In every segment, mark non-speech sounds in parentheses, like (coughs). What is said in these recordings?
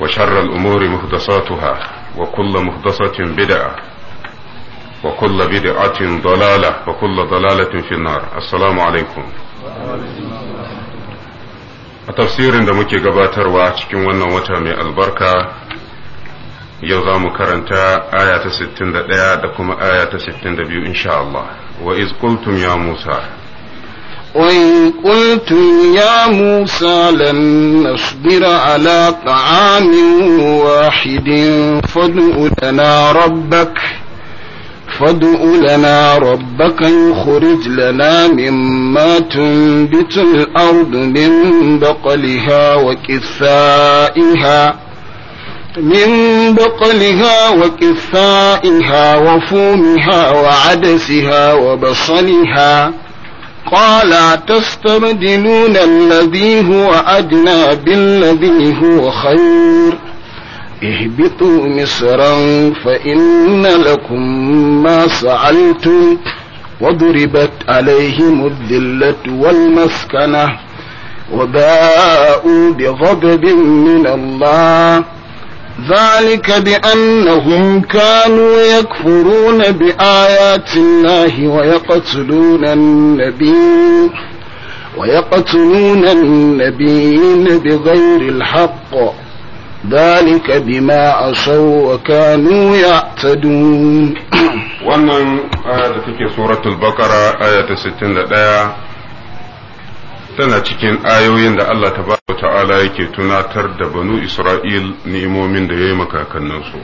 وشر الأمور محدثاتها وكل محدثة بدعة وكل بدعة ضلالة وكل ضلالة في النار السلام عليكم a tafsirin da muke gabatarwa cikin wannan wata mai albarka yau za mu karanta aya ta 61 da kuma aya ta 62 insha Allah wa iz qultum ya Musa وإن قلتم يا موسى لن نصبر على طعام واحد فادع لنا ربك فادع لنا ربك يخرج لنا مما تنبت الأرض من بقلها وكثائها من بقلها وكثائها وفومها وعدسها وبصلها قال تستبدلون الذي هو أدنى بالذي هو خير اهبطوا مصرا فإن لكم ما سعلتم وضربت عليهم الذلة والمسكنة وباءوا بغضب من الله ذلك بأنهم كانوا يكفرون بآيات الله ويقتلون النبي ويقتلون النبيين بغير الحق ذلك بما عصوا وكانوا يعتدون (coughs) ومن آية في سورة البقرة آية 61 tana cikin ayoyin da Allah tabaraka ta'ala yake tunatar da banu Isra'il ni'imomin da yayi makakanninsu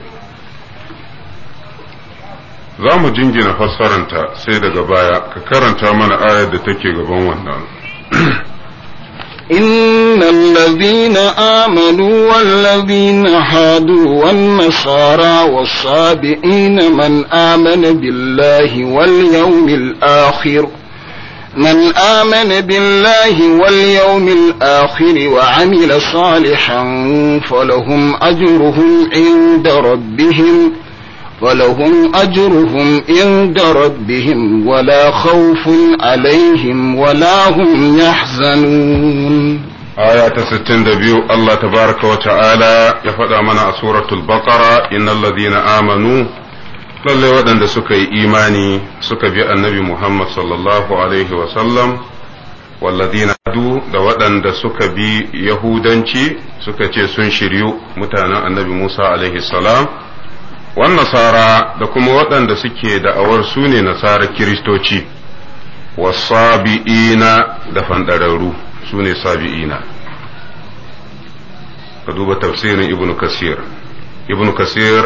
za mu jingina fassaranta sai daga baya ka karanta mana ayar da take gaban wannan إن الذين آمنوا والذين هادوا والنصارى والصابئين من آمن بالله واليوم الآخر ۖ من آمن بالله واليوم الآخر وعمل صالحا فلهم أجرهم عند ربهم ولهم أجرهم عند ربهم ولا خوف عليهم ولا هم يحزنون آية 62 الله تبارك وتعالى يفدى من سورة البقرة إن الذين آمنوا lallai waɗanda suka yi imani suka bi annabi Muhammad sallallahu Alaihi wasallam walladina du da waɗanda suka bi Yahudanci suka ce sun shiryu mutanen annabi Musa Alaihi salam wan nasara da kuma waɗanda suke da'awar su ne nasara kiristoci wasabi'ina da fanɗararru su ne sabi'ina ka duba tafsirin ibnu kasir ibnu kasir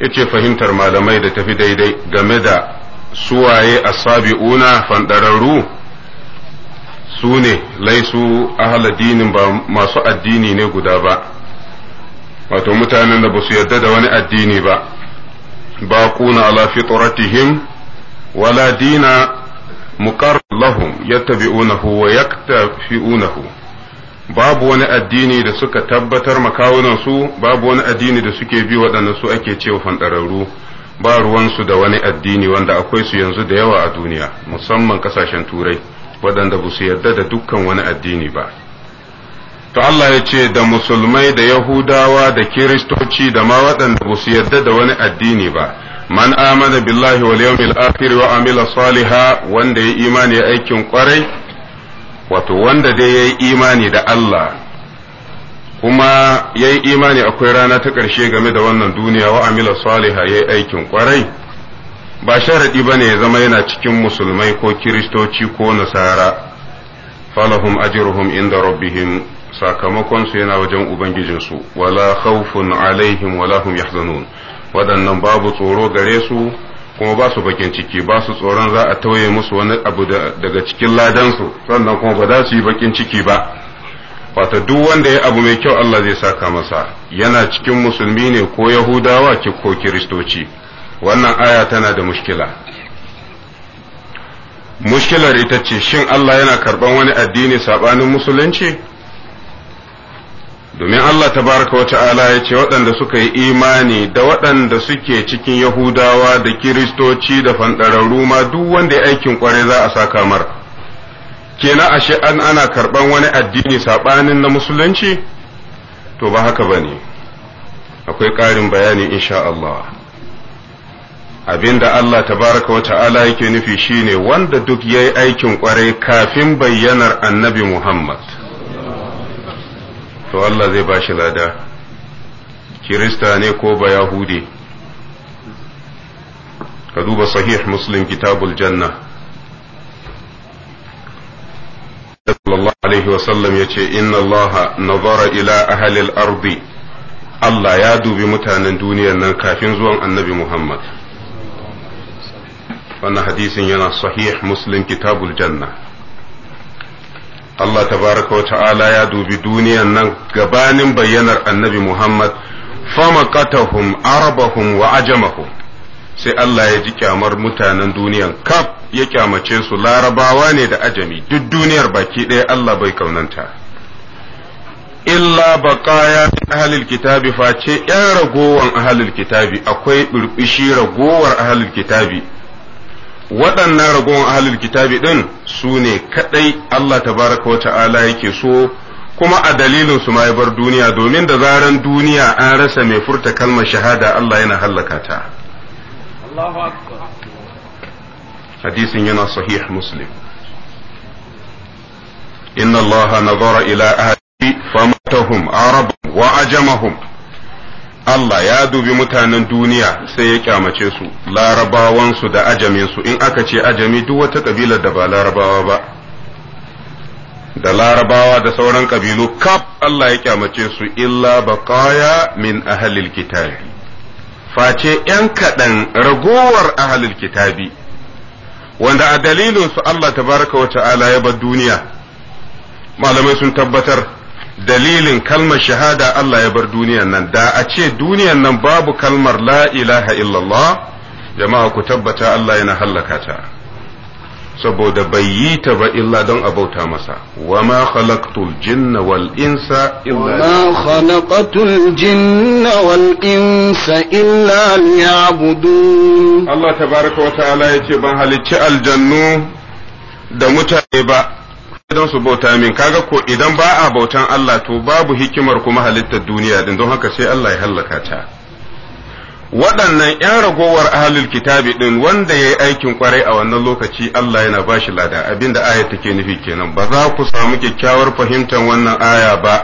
yace fahimtar malamai da tafi daidai game da suwaye asabi'una fandararru su ne laisu ahaladinin ba masu addini ne guda ba wato mutanen da ba su yarda da wani addini ba ba kuna ala fitratihim wala dina muqarr lahum yattabi'unahu wa yaktafi'unahu babu wani addini da suka tabbatar makawunansu babu wani addini da suke bi waɗanda su ake cewa fandararru ba ruwansu da wani addini wanda akwai su yanzu da yawa a duniya musamman ƙasashen turai waɗanda ba su yarda da dukkan wani addini ba to Allah ya ce da musulmai da yahudawa da kiristoci da ma waɗanda ba su yarda da wani addini ba man amana billahi wal yawmil akhir wa amila saliha wanda ya imani aikin kwarai wato wanda dai ya yi imani da Allah kuma ya yi imani akwai rana ta ƙarshe game da wannan duniya wa amila saliha ya yi aikin kwarai ba sharaɗi ba ne ya zama yana cikin musulmai ko kiristoci ko nasara falahum ajruhum inda rabbihim sakamakonsu yana wajen ubangijinsu wala khawfun alaihim wala hum yahzanun waɗannan babu tsoro gare su kuma ba su bakin ciki ba su tsoron za a tauye musu wani abu daga cikin ladansu sannan kuma ba za su yi bakin ciki ba wato duk wanda ya abu mai kyau Allah zai saka masa yana cikin musulmi ne ko yahudawa ko kiristoci wannan aya tana da mushkila mushkilar ita ce shin Allah yana karban wani addini sabanin musulunci domin Allah ta baraka wa ta'ala ya ce waɗanda suka yi imani da waɗanda suke cikin Yahudawa da Kiristoci da fanɗararru ma duk wanda ya aikin ƙware za a sa kamar kena ashe an ana karɓan wani addini saɓanin na musulunci? To ba haka ba ne, akwai ƙarin bayani insha Allah. Abin da Allah baraka wa ta'ala yake nufi shine wanda duk ya yi aikin ƙware kafin bayyanar annabi Muhammad. to Allah zai ba shi lada kirista ne ko ba yahudi ka duba sahih muslim kitabul janna sallallahu alaihi wasallam ya ce inna Allah nazara ila ahalil ardi Allah ya dubi mutanen duniyar nan kafin zuwan annabi Muhammad wannan hadisin yana sahih muslim kitabul janna Allah tabaraka wa ta'ala ya dubi duniyan nan gabanin bayyanar annabi Muhammad famaqatahum arabahum wa ajamahum sai Allah ya ji kyamar mutanen duniyan kaf ya kyamace su larabawa ne da ajami duk duniyar baki ɗaya Allah bai kaunanta illa baqaya ahlil kitabi face yan ragowar ahlil kitabi akwai birbishi ragowar ahlil kitabi waɗannan ragowar ahalul kitabi ɗin su ne kaɗai Allah tabaraka wata'ala ta'ala yake so kuma a dalilin su ma ya bar duniya domin da zaran duniya an rasa mai furta kalmar shahada Allah yana hallaka ta hadisin yana sahih muslim inna Allah nazara ila ahli famatahum arab wa ajamahum Allah ya dubi mutanen duniya sai ya kyamace su larabawansu da ajaminsu in aka ce ajami duk wata ƙabilar da ba larabawa ba da larabawa da sauran ƙabilu kaf Allah ya kyamace su illa baqaya min ahlil kitabi face ‘yan kaɗan ragowar ahlil kitabi wanda a dalilinsu Allah baraka wa ala ya bar duniya malamai sun tabbatar dalilin kalmar shahada Allah ya bar duniyan nan da a ce duniyan nan babu kalmar la ilaha illallah jama'a ku tabbata Allah yana hallaka ta saboda bai yi ta ba illa don a bauta masa wa ma khalaqtul jinna wal insa illa ma khalaqatul jinna wal insa illa liya'budun Allah tabaraka wa ta'ala yace ban halicci aljannu da mutane ba don su bauta min kaga ko idan ba a bautan Allah to babu hikimar kuma halittar duniya din don haka sai Allah ya hallaka ta waɗannan ‘yan ragowar ahalul kitabi din wanda ya yi aikin kwarai a wannan lokaci Allah yana ba shi lada abinda aya take nufi kenan ba za ku samu kyakkyawar fahimtar wannan aya ba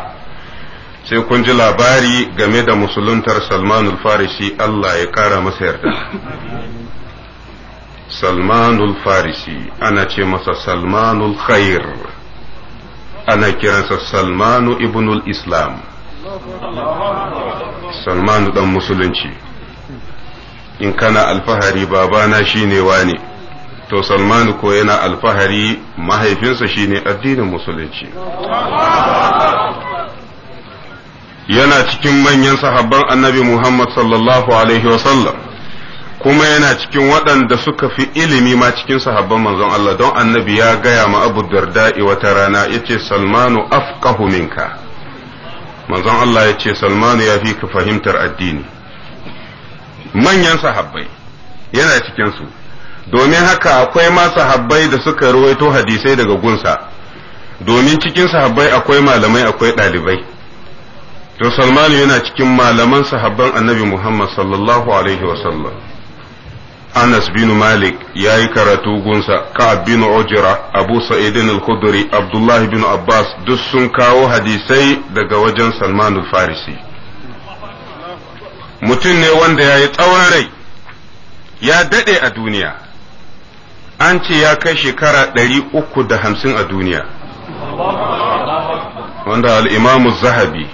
sai kun ji labari game da musuluntar Salmanul Farisi Allah ya kara masa yarda. salmanul farisi ana ce masa salmanu khair ana kiransa salmanu ibnul islam salmanu dan musulunci in kana alfahari babana shine wane to salmanu ko yana alfahari mahaifinsa shine addinin musulunci yana cikin manyan sahabban annabi muhammad sallallahu alaihi wasallam kuma yana cikin waɗanda suka fi ilimi ma cikin sahabban manzon Allah don annabi ya gaya ma Abu Darda'i wata rana yace Salmanu afqahu minka manzon Allah yace Salmanu ya fi ka fahimtar addini manyan sahabbai yana cikin su domin haka akwai ma sahabbai da suka ruwaito hadisai daga gunsa domin cikin sahabbai akwai malamai akwai ɗalibai to Salmanu yana cikin malaman sahabban Annabi Muhammad sallallahu alaihi wasallam Anas bin Malik ya yi karatu gunsa, Ka'ab bin Abu Sa'idin al-Khudri, Abdullah bin Abbas duk sun kawo hadisai daga wajen Salman farisi Mutum ne wanda ya yi tsawon rai, ya daɗe a duniya, an ce ya kai shekara ɗari uku da hamsin a duniya. Wanda al'imamu zahabi,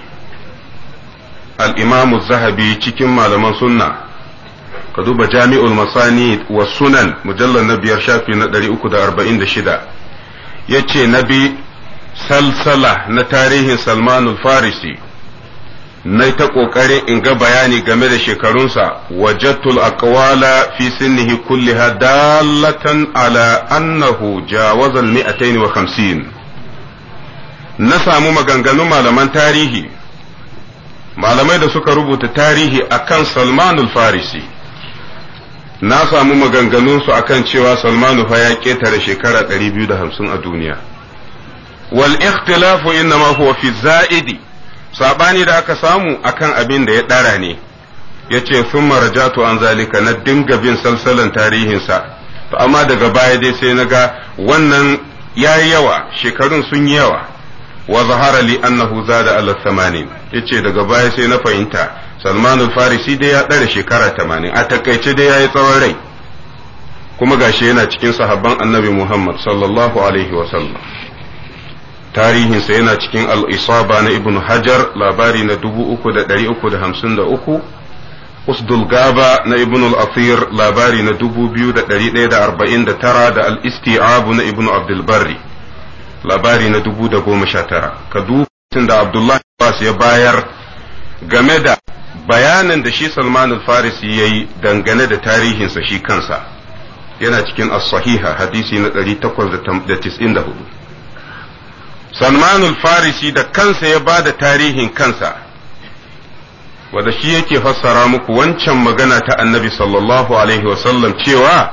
al'imamu zahabi cikin malaman sunna. ka duba jami'ul masani wa sunan mujallar na biyar shafi na da shida ya ce na bi salsala na tarihin salmanul farisi na ta ƙoƙarin in ga bayani game da shekarunsa wajattul aqwala fi sinnihi kulliha dalatan ala annahu jawazal mi'atayn wa khamsin na samu maganganun malaman tarihi malamai da suka rubuta tarihi akan salmanul farisi na samu maganganunsu akan cewa salmanu fa ya ƙetare shekara 250 a duniya wal ikhtilafu ma huwa fi za'idi sabani da aka samu akan abin da ya ɗara ne yace mara rajatu an zalika na dinga bin salsalan tarihinsa to amma daga baya dai sai naga wannan yayi yawa shekarun sun yi yawa wa zahara li annahu zada ala 80 yace daga baya sai na fahimta salmanul farisi dai ya ɗara shekara tamanin a takaice dai ya yi tsawon rai kuma gashi yana cikin sahabban annabi muhammad sallallahu alaihi wasallam tarihinsa yana cikin al'isaba na ibn hajar labari na 3,353 usdul gaba na ibn al'afir labari na 2,149 da al'isti'abu na ibn abdulbari labari na 1019 ka dukkan da abdullahi bas ya bayar game da bayanin da shi Salman al-Farisi yayi dangane da tarihinsa shi kansa yana cikin as-sahiha hadisi na 894 Salman al-Farisi da kansa ya ba da tarihin kansa wanda shi yake fassara muku wancan magana ta Annabi sallallahu alaihi wasallam cewa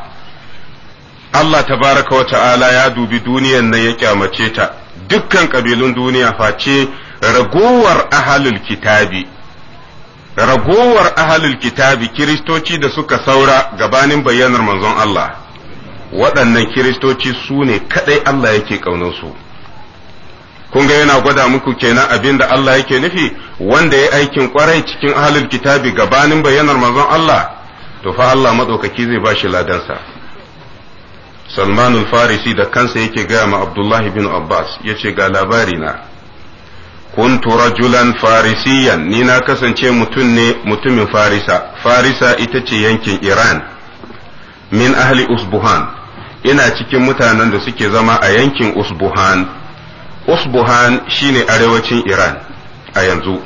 Allah tabaraka wa ta'ala ya dubi duniyar nan ya kyamace ta dukkan kabilun duniya face ragowar ahalul kitabi ragowar ahalul kitabi kiristoci da suka saura gabanin bayyanar manzon Allah waɗannan kiristoci su ne kaɗai Allah yake ƙaunarsu kun ga yana gwada muku kenan abin da Allah yake nufi wanda ya aikin kwarai cikin ahalul kitabi gabanin bayyanar manzon Allah to fa Allah maɗaukaki zai ba shi ladansa Salmanul Farisi da kansa yake gaya ma Abdullahi bin Abbas ya ce ga labari na kuntu julan farisiyan ni na kasance mutum ne mutumin farisa farisa ita ce yankin iran min ahli usbuhan ina cikin mutanen da suke zama a yankin usbuhan usbuhan shine arewacin iran a yanzu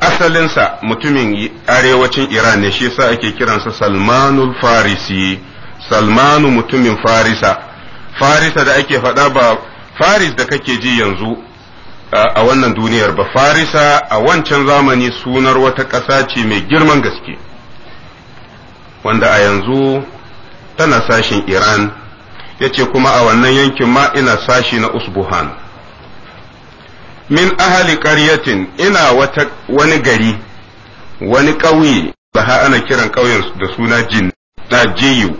asalinsa mutumin arewacin iran ne shi yasa ake kiransa salmanul farisi salmanu mutumin farisa farisa da ake faɗa ba faris da kake ji yanzu a wannan duniyar ba farisa a wancan zamani sunar wata ƙasa ce mai girman gaske wanda a yanzu tana sashin iran ya ce kuma a wannan yankin ma ina sashi na usbuhan min ahali ƙaryatin ina wata wani gari wani ƙauye da ana kiran ƙauyen da suna jin na jiyu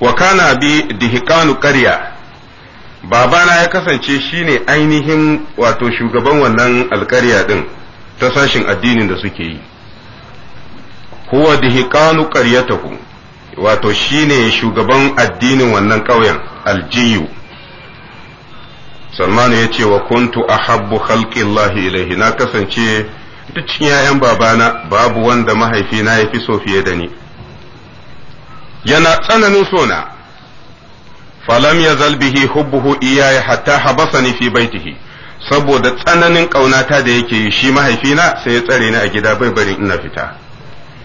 wa kana bi dihikanu ƙarya babana ya kasance shine ainihin wato shugaban wannan alkarya din ta sashin addinin da suke yi huwa dihqanu qaryatahu wato shine shugaban addinin wannan ƙauyen aljiyu salmanu ya ce wa kuntu ahabbu khalqillahi ilaihi na kasance duk cikin 'ya'yan babana babu wanda mahaifina ya fi so fiye da ni yana tsananin sona falam ya zalbihi hubbuhu iyaye hatta habasani fi baitihi saboda tsananin ƙaunata da yake yi shi mahaifina sai ya tsare ni a gida bai bari ina fita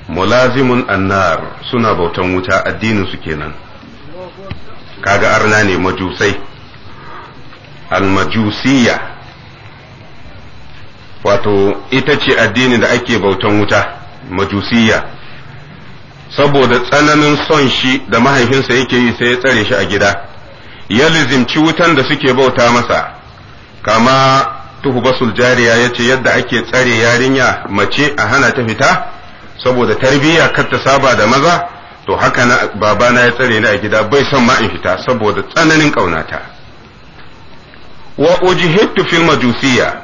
mulazimun annar suna bautan wuta addinin su kenan kaga arna ne majusai almajusiya wato ita ce addini da ake bautan wuta majusiya saboda tsananin son shi da mahaifinsa yake yi sai ya tsare shi a gida ya lizimci wutan da suke bauta masa kama tuhbasul jariya ya ce yadda ake tsare yarinya mace a hana ta fita saboda tarbiyya kar ta saba da maza to haka na babana ya tsare ni a gida bai son ma in fita saboda tsananin ƙaunata wa ujihittu fil majusiyya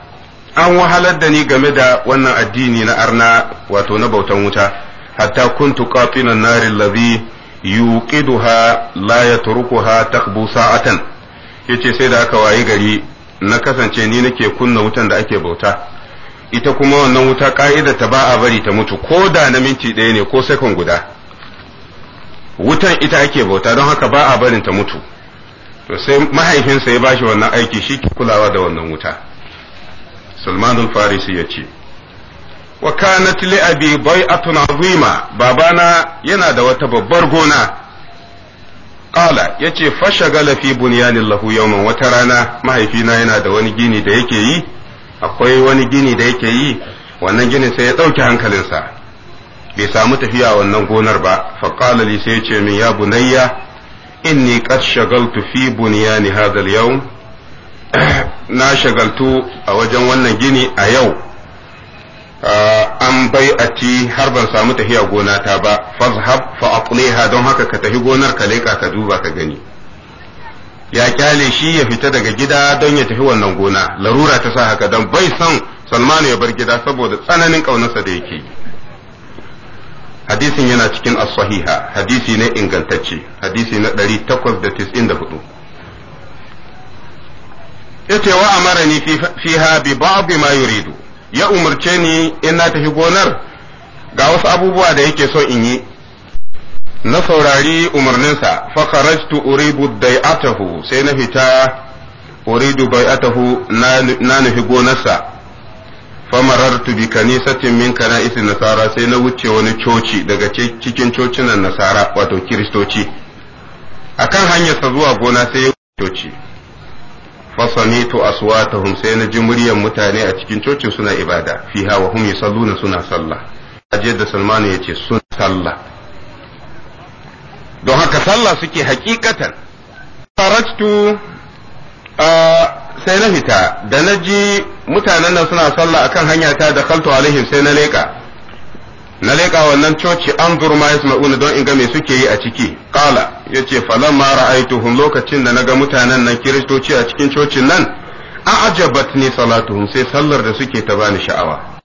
an wahalar da ni game da wannan addini na arna wato na bautan wuta hatta kuntu qatinan narin ladhi yuqiduha la yatrukuha takbu sa'atan yace sai da aka wayi gari na kasance ni nake kunna wutan da ake bauta ita kuma wannan wuta ka'ida ta ba a bari ta mutu ko da na minti ɗaya ne ko sekon guda wutan ita ake bauta don haka ba a barin ta mutu to sai mahaifinsa ya bashi wannan aiki shi kulawa da wannan wuta sulmanul farisi ya ce wa kanat li abi bai'atun azima babana yana da wata babbar gona qala yace fashagala fi bunyanin lahu yawman wata rana mahaifina yana da wani gini da yake yi akwai wani gini da yake yi wannan ginin sai ya dauke hankalinsa bai samu tafiya wannan gonar ba faqala li sai yace min ya bunayya inni qad shagaltu fi bunyani hadha al-yawm (clears throat) na shagaltu a wajen wannan gini a yau an bai a ci har ban samu tafiya gona ta ba fazhab fa aqliha don haka ka tafi gonar ka leka ka duba ka gani ya kyale shi ya fita daga gida don ya tafi wannan gona larura ta sa haka don bai son salmanu ya bar gida saboda tsananin kaunarsa da yake hadisin yana cikin as-sahiha hadisi ne ingantacce hadisi na 894 yace wa ni fiha bi ba'd ma yuridu ya umarce ni in na tafi gonar ga wasu abubuwa da yake so in yi na saurari umarninsa fakarajtu uribu bai'atahu sai na fita uridu bai'atahu na nufi gonarsa famarartu bi kanisatin min kana'is nasara sai na wuce wani coci daga cikin cocinan nasara wato kiristoci akan hanyarsa zuwa gona sai ya wuce coci aswata hum sai na ji muryar mutane a cikin cocin suna ibada fiha wa hum yusalluna suna sallah ajiyar da salman ya ce sun sallah don haka sallah suke hakikatan farajtu sai na fita da na ji mutanen nan suna sallah akan hanya ta da kaltu alaihim sai na leka na leƙa wannan coci an ma una don in ga me suke yi a ciki qala yace ma ra'aituhum lokacin da naga mutanen nan kiristoci a cikin cocin nan a'jabat ni salatuhum sai sallar da suke ta bani sha'awa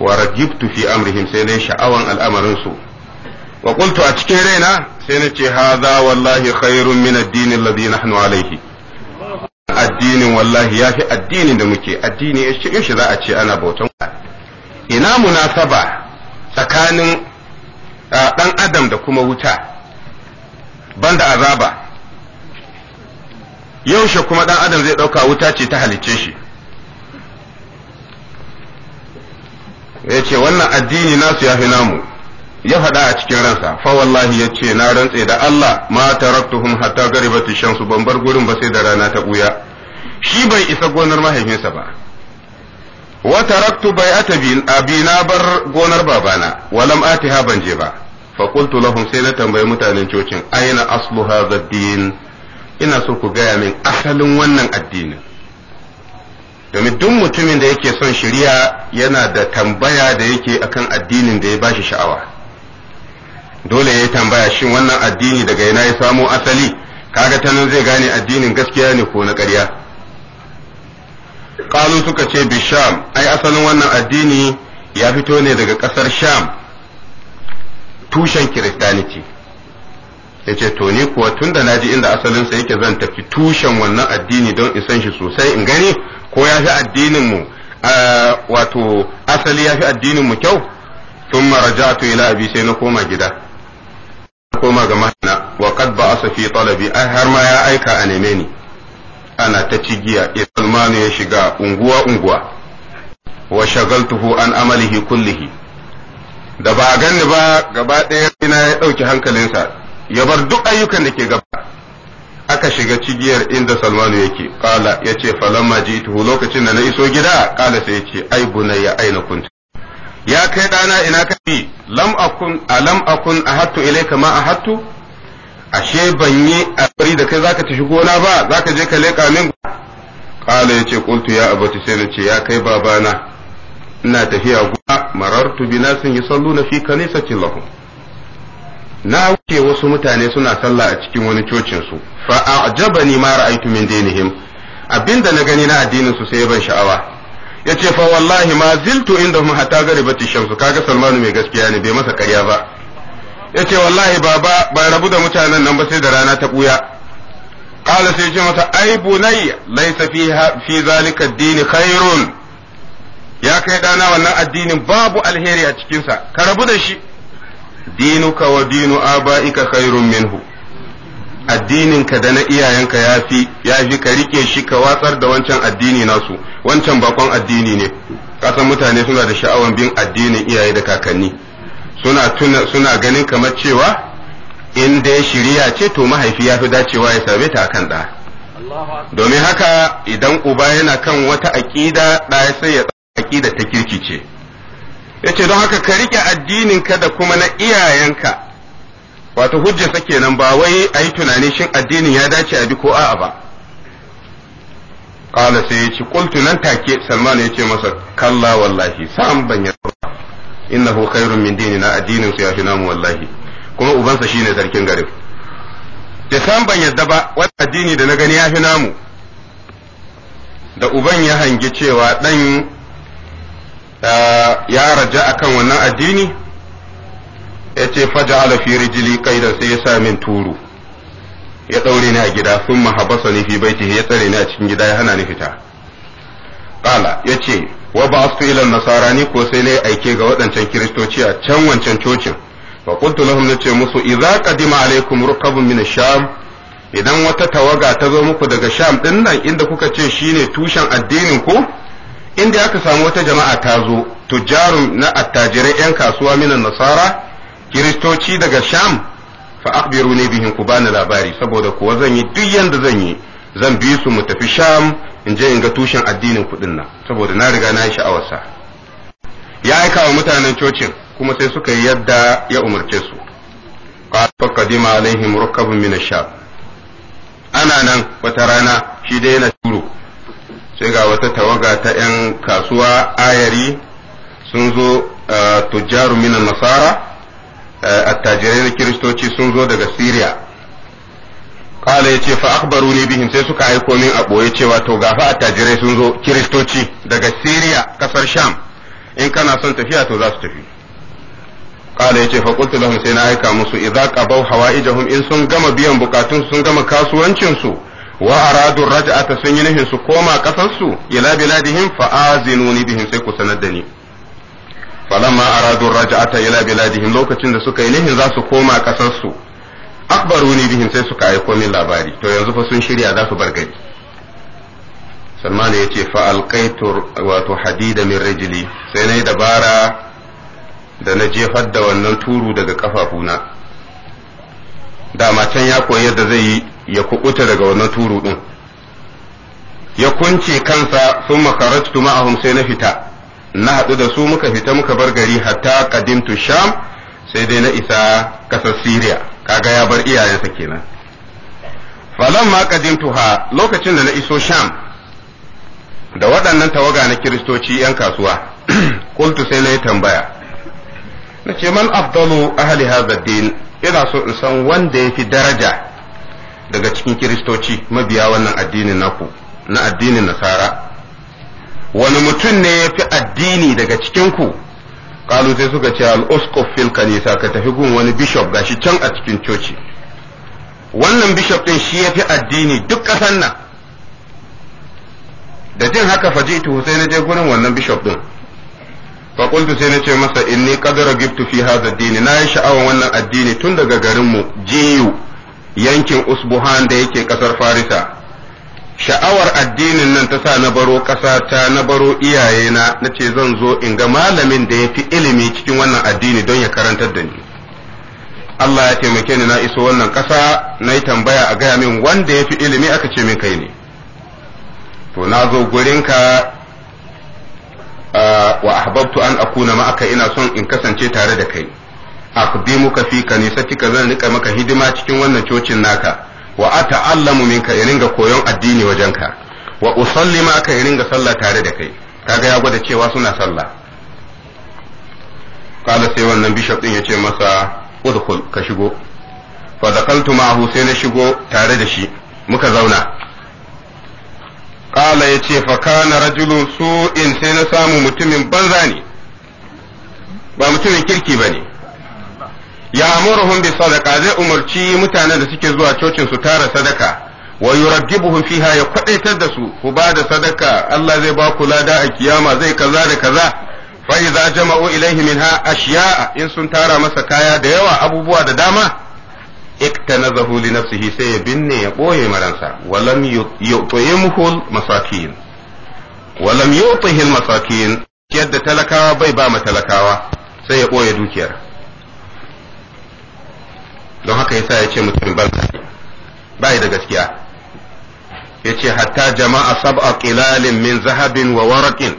wa ragibtu fi amrihim sai nayi sha'awan al'amarin su wa qultu a cikin raina sai nace hadha wallahi khairun min ad-din alladhi nahnu alayhi addinin wallahi yafi addinin da muke addini shi za a ce ana bautan ina munasaba tsakanin ɗan adam da kuma wuta banda azaba yaushe kuma ɗan adam zai ɗauka wuta ce ta halicce shi ya ce wannan addini nasu ya fi namu ya faɗa a cikin ransa fa wallahi ya ce na rantse da Allah ma taraktuhum hatta garibatu shamsu ban bar gurin ba sai da rana ta buya shi bai isa gonar mahaifinsa ba wa taraktu bai'ata abi na bar gonar babana walam atiha ban je ba fa qultu lahum sai na tambayi mutanen cocin aina aslu hadha din ina so ku gaya min asalin wannan addinin domin mutumin da yake son shiriya yana da tambaya da yake akan addinin da ya bashi sha'awa dole ya yi tambaya shin wannan addini daga ina ya samo asali kaga ta zai gane addinin gaskiya ne ko na ƙarya kalu suka ce bi ai asalin wannan addini ya fito ne daga kasar sham tushen kiristaniti ya ce to ni kuwa tun da naji inda asalinsa yake zan tafi tushen wannan addini don isan shi sosai in gani ko ya fi addininmu wato asali ya fi addininmu kyau sun marajatu ila abi sai na koma gida koma ga mahana wa qad ba'asa fi talabi ai har ma ya aika a neme ni ana ta cigiya Salmanu ya shiga unguwa unguwa wa shagaltuhu an amalihi kullihi da ba a ganni ba gaba ɗaya ina ya ɗauki hankalinsa ya bar duk ayyukan da ke gaba aka shiga cigiyar inda salmanu yake kala ya ce falamma jituhu lokacin da na iso gida kala sai ya ce ai bunayya aina kuntu ya kai ɗana ina ka bi lam akun alam akun ahattu ilayka ma ahattu ashe ban yi alƙawari da kai zaka tafi gona ba zaka je ka leka min qala yace qultu ya abati sai na ce ya kai babana ina tafiya gona marartu bi nasin yusalluna fi kanisati lahum na wuce wasu mutane suna sallah a cikin wani cocin su fa a'jabani ma ra'aytu min dinihim abinda na gani na addinin su sai ban sha'awa yace fa wallahi ma ziltu indahum hatta garibati shamsu kaga Salmanu mai gaskiya ne bai masa ƙarya ba ya ce wallahi baba ban rabu da mutanen nan ba sai da rana ta buya ƙala sai ce mata ai bunai laisa fi zalika dini khairun ya kai dana wannan addinin babu alheri a cikinsa ka rabu da shi dinuka wa dinu aba'ika khairun minhu addininka da na iyayenka ya fi ka rike shi ka watsar da wancan addini nasu wancan bakon addini ne kasan mutane suna da sha'awan bin addinin iyaye da kakanni suna suna ganin kamar cewa in ya shirya ce to mahaifi ya fi dacewa ya same ta kan ɗa domin haka idan uba yana kan wata aƙida ya sai ya aƙida ta kirki ce ya ce don haka ka riƙe addininka da kuma na iyayenka wato sa kenan ba wai a yi tunani shin addinin ya dace a bi ko a'a ba ƙala sai ya ci ƙultu nan take salman ya ce masa kalla wallahi sam ban yarda innahu khairun min dinina addinin su yafi namu wallahi kuma ubansa shine sarkin garin da san ban yadda ba wani addini da na gani yafi namu da uban ya hangi cewa dan ya raja akan wannan addini ya ce faja'ala fi rijili kaidan sai ya sa min turu ya daure ni a gida sun mahabasa ni fi baiti ya tsare ni a cikin gida ya hana ni fita qala yace wa ba su ila nasara ni ko sai nayi aike ga waɗancan kiristoci a can wancan cocin fa qultu lahum nace musu idza qadima alaikum rukabun min sham idan wata tawaga ta zo muku daga sham din nan inda kuka ce shine tushen addinin ku inda aka samu wata jama'a ta zo tujjarun na attajirai yan kasuwa min nasara kiristoci daga sham fa akhbiruni ne bihin ku bani labari saboda kuwa zan yi duk yanda zan yi zan bi su mu tafi sham in je in ga tushen addinin kuɗin nan saboda na riga na yi sha'awarsa ya aika wa mutanen cocin kuma sai suka yi yadda ya umarce su qadima alaihim rukabun min ash shab ana nan wata rana shi dai yana turo sai ga wata tawaga ta yan kasuwa ayari sun zo tujjaru min nasara attajirai na kiristoci sun zo daga Siriya qala yace fa ne bihim sai suka aiko min a boye cewa to gafa attajirai sun zo kiristoci daga siriya kasar Sham in kana son tafiya to za su tafi qala yace fa qultu lahum sai na aika musu idza qabaw hawaijahum in sun gama biyan bukatun sun gama kasuwancin su wa aradu raj'ata sun yi nufin su koma kasar su ila biladihim fa azinuni bihim sai ku sanar da ni falamma aradu raj'ata ila biladihim lokacin da suka yi nihin za su koma kasar su ni bihin sai suka aiko min labari to yanzu fa sun shirya za su bar gari salman ya ce fa alqaitu wato hadida min rijli sai nayi dabara da na jefar da wannan turu daga kafafuna dama can ya koyi yadda zai yi ya kubuta daga wannan turu din ya kunce kansa sun makaratu ma'ahum sai na fita na haɗu da su muka fita muka bar gari hatta kadimtu sham sai dai na isa ƙasar siriya. kaga ya bar iyayensa kenan falamma tuha lokacin da na iso sham da waɗannan tawaga na kiristoci 'yan kasuwa kultu (clears throat) sai na yi tambaya na ce man afdalu ahli hadha din ina so in san wanda yafi daraja daga cikin kiristoci mabiya wannan addinin naku na addinin nasara wani mutum ne yafi addini daga cikin ku kalu sai suka ce al-usquf fil kanisa ka tafi gun wani bishop gashi can a cikin coci wannan bishop din shi yafi addini duk kasan nan da jin haka fajitu sai na je gurin wannan bishop din fa qultu sai na ce masa inni qadara ragibtu fi hadha ad-din na yi sha'awan wannan addini tun daga garin mu jiyu yankin usbuhan da yake kasar farisa sha'awar addinin nan ta sa na baro ƙasa ta na baro iyayena na ce zan zo in ga malamin da ya fi ilimi cikin wannan addini don ya karantar da ni Allah ya taimake ni na iso wannan ƙasa na yi tambaya a gaya min wanda ya fi ilimi aka ce min kai ne to na zo gurinka wa ahbabtu an akuna ma'aka ina son in kasance tare da kai aqdimuka fi kanisatika zan rika maka hidima cikin wannan cocin naka wa allamu minka ya ringa koyon addini wajenka wa usalli ka ya ringa sallah tare da kai kaga ya gwada cewa suna sallah kala sai wannan bishop din ya ce masa udkhul ka shigo fa dakaltu ma'ahu sai na shigo tare da shi muka zauna kala ya ce fa kana rajulu su'in sai na samu mutumin banza ne ba mutumin kirki ba ne. ya amuruhum bi sadaqa zai umarci mutanen da suke zuwa cocin su tara sadaka wa yuraggibuhum fiha ya kwadaitar da su ku ba da sadaka Allah zai ba ku lada a kiyama zai kaza da kaza fa idza jama'u ilayhi minha ashiya'a in sun tara masa kaya da yawa abubuwa da dama iktanazahu li nafsihi sai ya binne ya boye maransa walam yu'timuhu masakin walam yu'tihi masakin yadda talakawa bai ba matalakawa sai ya boye dukiyar don haka yasa ya ce mutumin banza bai da gaskiya ya ce hatta jama'a sab'a qilalin min zahabin wa waraqin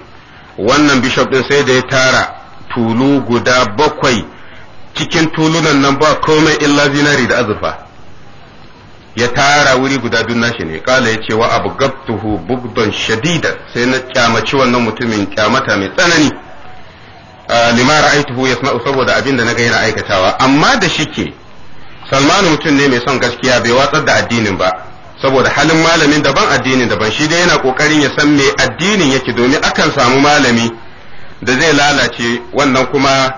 wannan bishop din sai da ya tara tulu guda bakwai cikin tulunan nan ba komai illa zinari da azurfa ya tara wuri guda duk nashi ne kala ya ce wa gabtuhu bugdan shadida sai na kyamaci wannan mutumin kyamata mai tsanani ah, lima ya yasna'u saboda abin da ga yana aikatawa amma da shike salmanu mutum ne mai son gaskiya bai watsar da addinin ba saboda halin malamin daban addinin daban shi dai yana kokarin ya san me addinin yake domin akan samu malami da zai lalace wannan kuma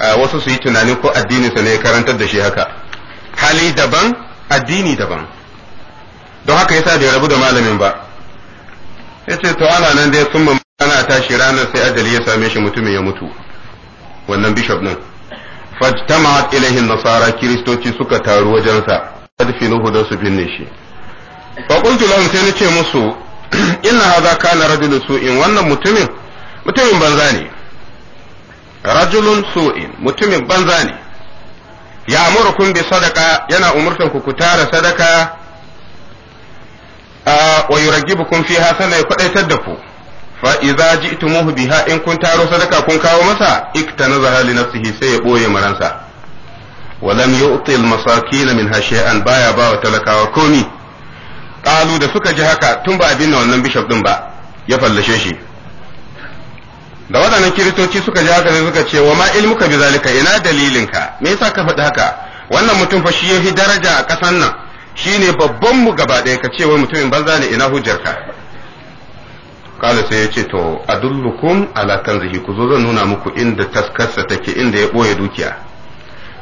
eh, wasu su yi tunanin ko addininsa ne ya karantar da shi haka hali daban addini daban don haka yasa bai rabu da malamin ba yace to ana nan dai sun ana tashi ranar sai ajali ya same shi mutumin ya mutu wannan bishop din fajtama'at ilaihin nasara kiristoci suka taru wajensa tadfinuhu da su binne shi fa qultu lahum sai nace musu (clears throat) inna hadha kana rajulun su'in wannan mutumin mutumin banza ne rajulun su'in mutumin banza ne ya bi sadaka yana umurtan ku ku tara sadaka wa yuragibukum fiha sana ya kwadaitar da ku fa idza ji'tumuhu biha in kun taro sadaka kun kawo masa iktanazaha li nafsihi sai ya boye maransa walam yu'ti al masakin min shay'an baya ba wa talakawa komi qalu da suka ji haka tun ba abin wannan bishop din ba ya fallashe shi da waɗannan kiristoci suka ji haka sai suka ce wa ma ilmuka bi zalika ina dalilinka me yasa ka faɗi haka wannan mutum fa shi yafi daraja a kasan nan shine babban mu gaba ɗaya ka ce wai mutumin banza ne ina hujjarka kala sai ya ce to adullukum ala kanzihi ku zo zan nuna muku inda taskarsa take inda ya boye dukiya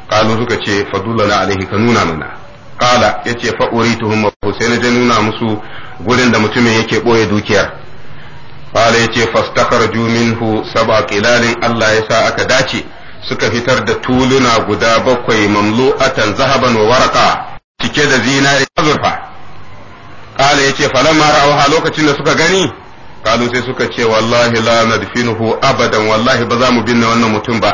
kalu suka ce fadullana alaihi ka nuna mana kala ya ce fa'urituhum sai na je nuna musu gurin da mutumin yake boye dukiyar kala ya ce fastakharju Juminhu sab'a kilalin Allah ya sa aka dace suka fitar da tuluna guda bakwai mamlu'atan zahaban wa waraka cike da zinari azurfa kala ya ce falamma ra'awha lokacin da suka gani kalu sai suka ce wallahi la nadfinuhu abadan wallahi ba za mu binne wannan mutum ba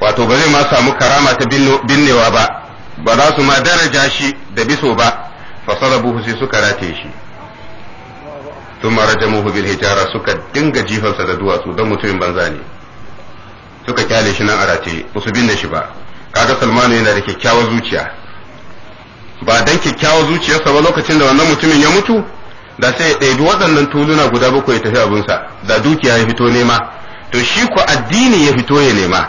wato ba zai ma samu karama ta binnewa ba ba za su ma daraja shi da biso ba fasalabuhu sai suka rataye shi sun rajamuhu bil hijara suka dinga jifansa da duwatsu don mutumin banza ne suka kyale shi nan a rataye ba su binne shi ba kaga salmanu yana da kyakkyawar zuciya ba dan kyakkyawar zuciyarsa ba lokacin da wannan mutumin ya mutu da sai ya ɗebi waɗannan tuluna guda bakwai ya tafi abinsa da dukiya ya fito nema to shi ku addini ya fito ya nema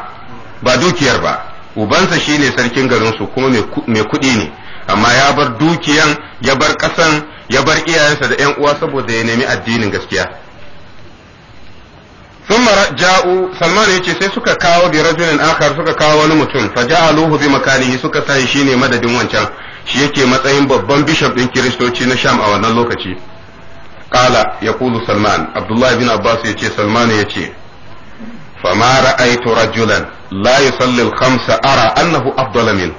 ba dukiyar ba ubansa shine sarkin garinsu kuma mai kuɗi ne amma ya bar dukiyan ya bar ƙasan ya bar iyayensa da ‘yan uwa saboda ya nemi addinin gaskiya sun ja'u salman ya ce sai suka kawo bi rajulin akhar suka kawo wani mutum fa ja'aluhu bi makanihi suka sa shi ne madadin wancan shi yake matsayin babban bishop din kiristoci na sham a wannan lokaci يقول سلمان salman abdullahi bin abbas yace salman yace فما رأيت رجلا لا يصلي الخمس أرى أنه أفضل منه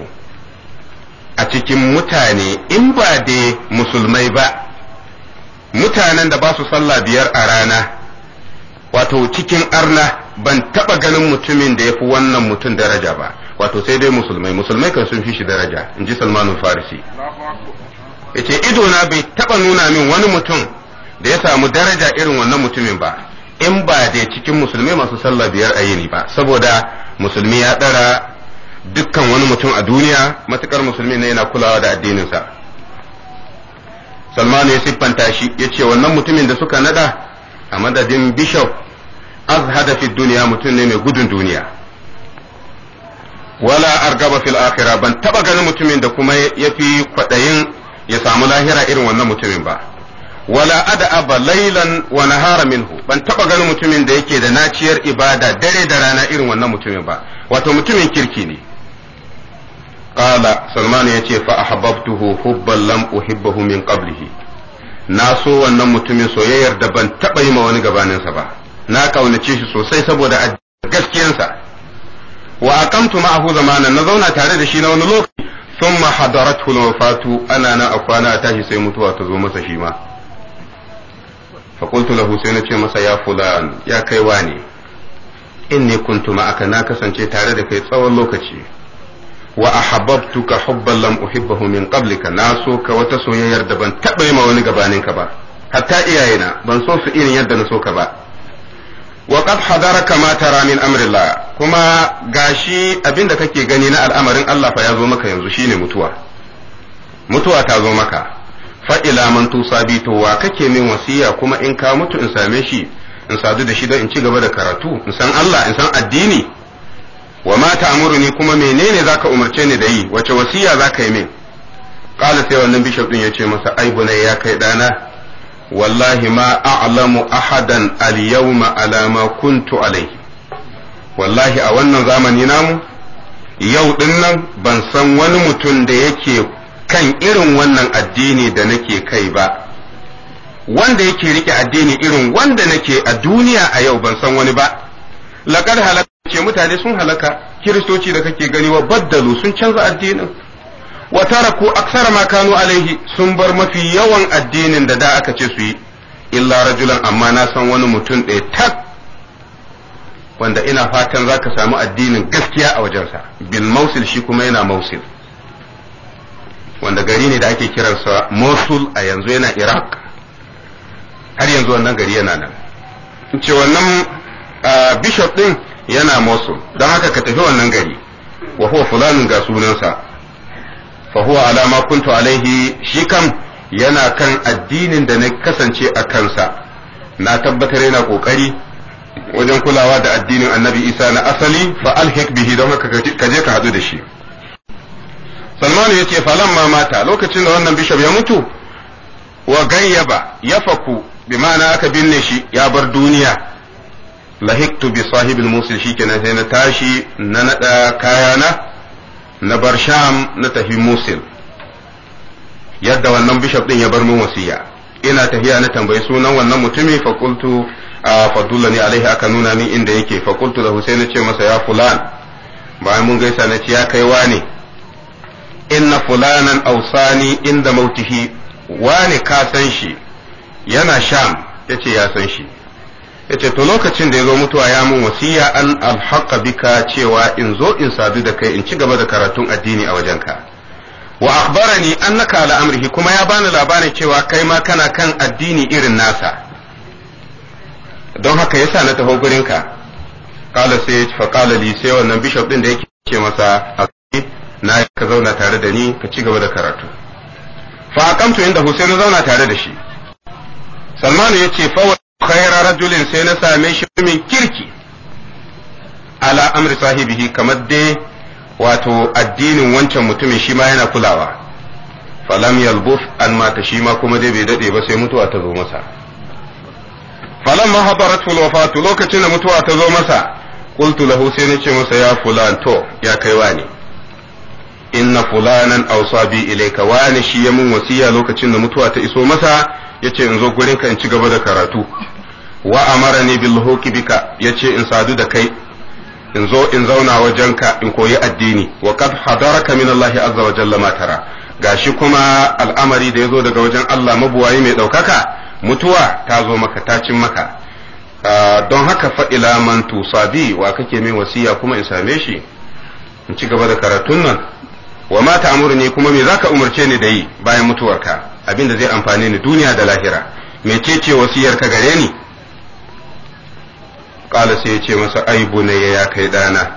أتكي متاني إن بادي مسلمي با mutanen da ba su sallah biyar a rana wato cikin arna ban taba ganin mutumin da ya fi wannan mutum daraja ba wato sai dai musulmai musulmai kan sun fi shi daraja in ji salmanun farisi ya ce idona bai taba nuna min wani mutum da ya samu daraja irin wannan mutumin ba in ba da cikin musulmai masu sallah biyar a yini ba saboda musulmi ya dara dukkan wani mutum a duniya matukar musulmi ne yana kulawa da addininsa salmanu ya siffanta shi ya ce wannan mutumin da suka nada a madadin bishop azhada fi duniya mutum ne mai gudun duniya wala argaba fil akhirah ban taba ganin mutumin da kuma yafi fi ya samu lahira irin wannan mutumin ba wala ad'aba laylan wa nahara minhu ban taba ganin mutumin da yake da naciyar ibada dare da rana irin wannan mutumin ba wato mutumin kirki ne qala ya ce fa ahbabtuhu hubban lam uhibbahu min qablihi na so wannan mutumin soyayyar da ban taba yi ma wani gabaninsa ba na kaunace shi sosai saboda gaskiyarsa wa aqamtu ma'ahu zamanan na zauna tare da shi na wani lokaci thumma hadaratu al-wafatu ana na akwana tashi sai mutuwa ta zo masa shi ma fa qultu lahu sai ce masa ya fulan ya kai wani inni kuntu aka na kasance tare da kai tsawon lokaci wa ahabbtuka hubban lam uhibbahu min qablika na so ka wata soyayyar da ban taba yi ma wani gabanin ka ba hatta iyayena ban so su irin yadda na so ka ba wa qad hadaraka ma tara min amrillah kuma gashi abinda kake gani na al'amarin Allah fa ya zo maka yanzu shine mutuwa mutuwa ta zo maka fa'ila man tusa bi to wa kake min wasiya kuma in ka mutu in same shi in sadu da shi don in ci gaba da karatu in san Allah in san addini wa ma amurni kuma menene zaka umarce ni da yi wace wasiya zaka yi min qala sai wannan bishop din yace masa ai bunai ya kai ɗana wallahi ma a'lamu ahadan al-yawma ala ma kuntu alayhi wallahi a wannan zamani namu yau din nan ban san wani mutum da yake kan irin wannan addini da nake kai ba wanda yake rike addini irin wanda nake a duniya a yau ban san wani ba laqad halaka ce mutane sun halaka kiristoci da kake gani wa baddalu sun canza addinin wa taraku aksara ma kanu alaihi sun bar mafi yawan addinin da da aka ce su yi illa rajulan amma na san wani mutum ɗaya tak wanda ina fatan zaka samu addinin gaskiya a wajensa bil mausil shi kuma yana mausil wanda gari ne da ake kiransa mosul a yanzu yana iraq har yanzu wannan gari yana nan ce wannan bishop din yana mosul don haka ka tafi wannan gari wa huwa fulanin ga sunansa fa huwa alama kuntu alaihi shi kam yana kan addinin da na kasance a kansa na tabbatar yana kokari wajen kulawa da addinin annabi isa na asali fa alhik bihi don haka ka je ka hadu da shi salmanu ya ce ma mata lokacin da wannan bishop ya mutu wa gayyaba ya faku bi ma'ana aka binne shi ya bar duniya lahiktu bi sahibil musul shikenan sai na tashi na nada kayana na bar sham na tafi musul yadda wannan bishop din ya bar min wasiya ina tafiya na tambayi sunan wannan mutumi fakultu a ne alaihi aka nuna min inda yake fakultu da sai na ce masa ya fulan bayan mun gaisa na ce ya kai ne inna fulanan ausani inda mautihi wani ka san shi yana sham yace ya san shi yace to lokacin da ya zo mutuwa ya mun wasiya an alhaqa bika cewa in zo in sadu da kai in ci gaba da karatun addini a wajenka wa akhbarani annaka ala amrihi kuma ya bani labarin cewa kai ma kana kan addini irin nasa don haka yasa na taho gurinka kala sai fa kala li sai wannan bishop din da yake ce masa na ka zauna tare da ni ka ci gaba da karatu fa kamtu inda Hussein zauna tare da shi salmanu ya ce fa khaira rajulin sai na same shi min kirki ala amri sahibihi kamar dai wato addinin wancan mutumin shi ma yana kulawa falam yalbuf an mata shi ma kuma dai bai dade ba sai mutuwa ta zo masa falam ma habarat lokacin da mutuwa ta zo masa Kultu lahu sai ce masa ya fulan to ya kai ne. inna fulanan ausa bi wa wani shi ya mun wasiya lokacin da mutuwa ta iso masa yace in zo gurin ka in ci gaba da karatu wa amarani bil huqi bika yace in sadu da kai in zo in zauna wajenka in koyi addini wa qad hadaraka min Allah azza wa jalla ma tara gashi kuma al'amari da yazo daga wajen Allah mabuwayi mai daukaka mutuwa ta zo maka ta cin maka ah, don haka fa ila man tusabi wa kake min wasiya kuma in same shi in ci gaba da karatun nan wa ma ne kuma me zaka umarce ni da yi bayan mutuwarka abinda zai amfane ni duniya da lahira mecece ka gare ni qala sai ya ce masa ai bunayya ya kai dana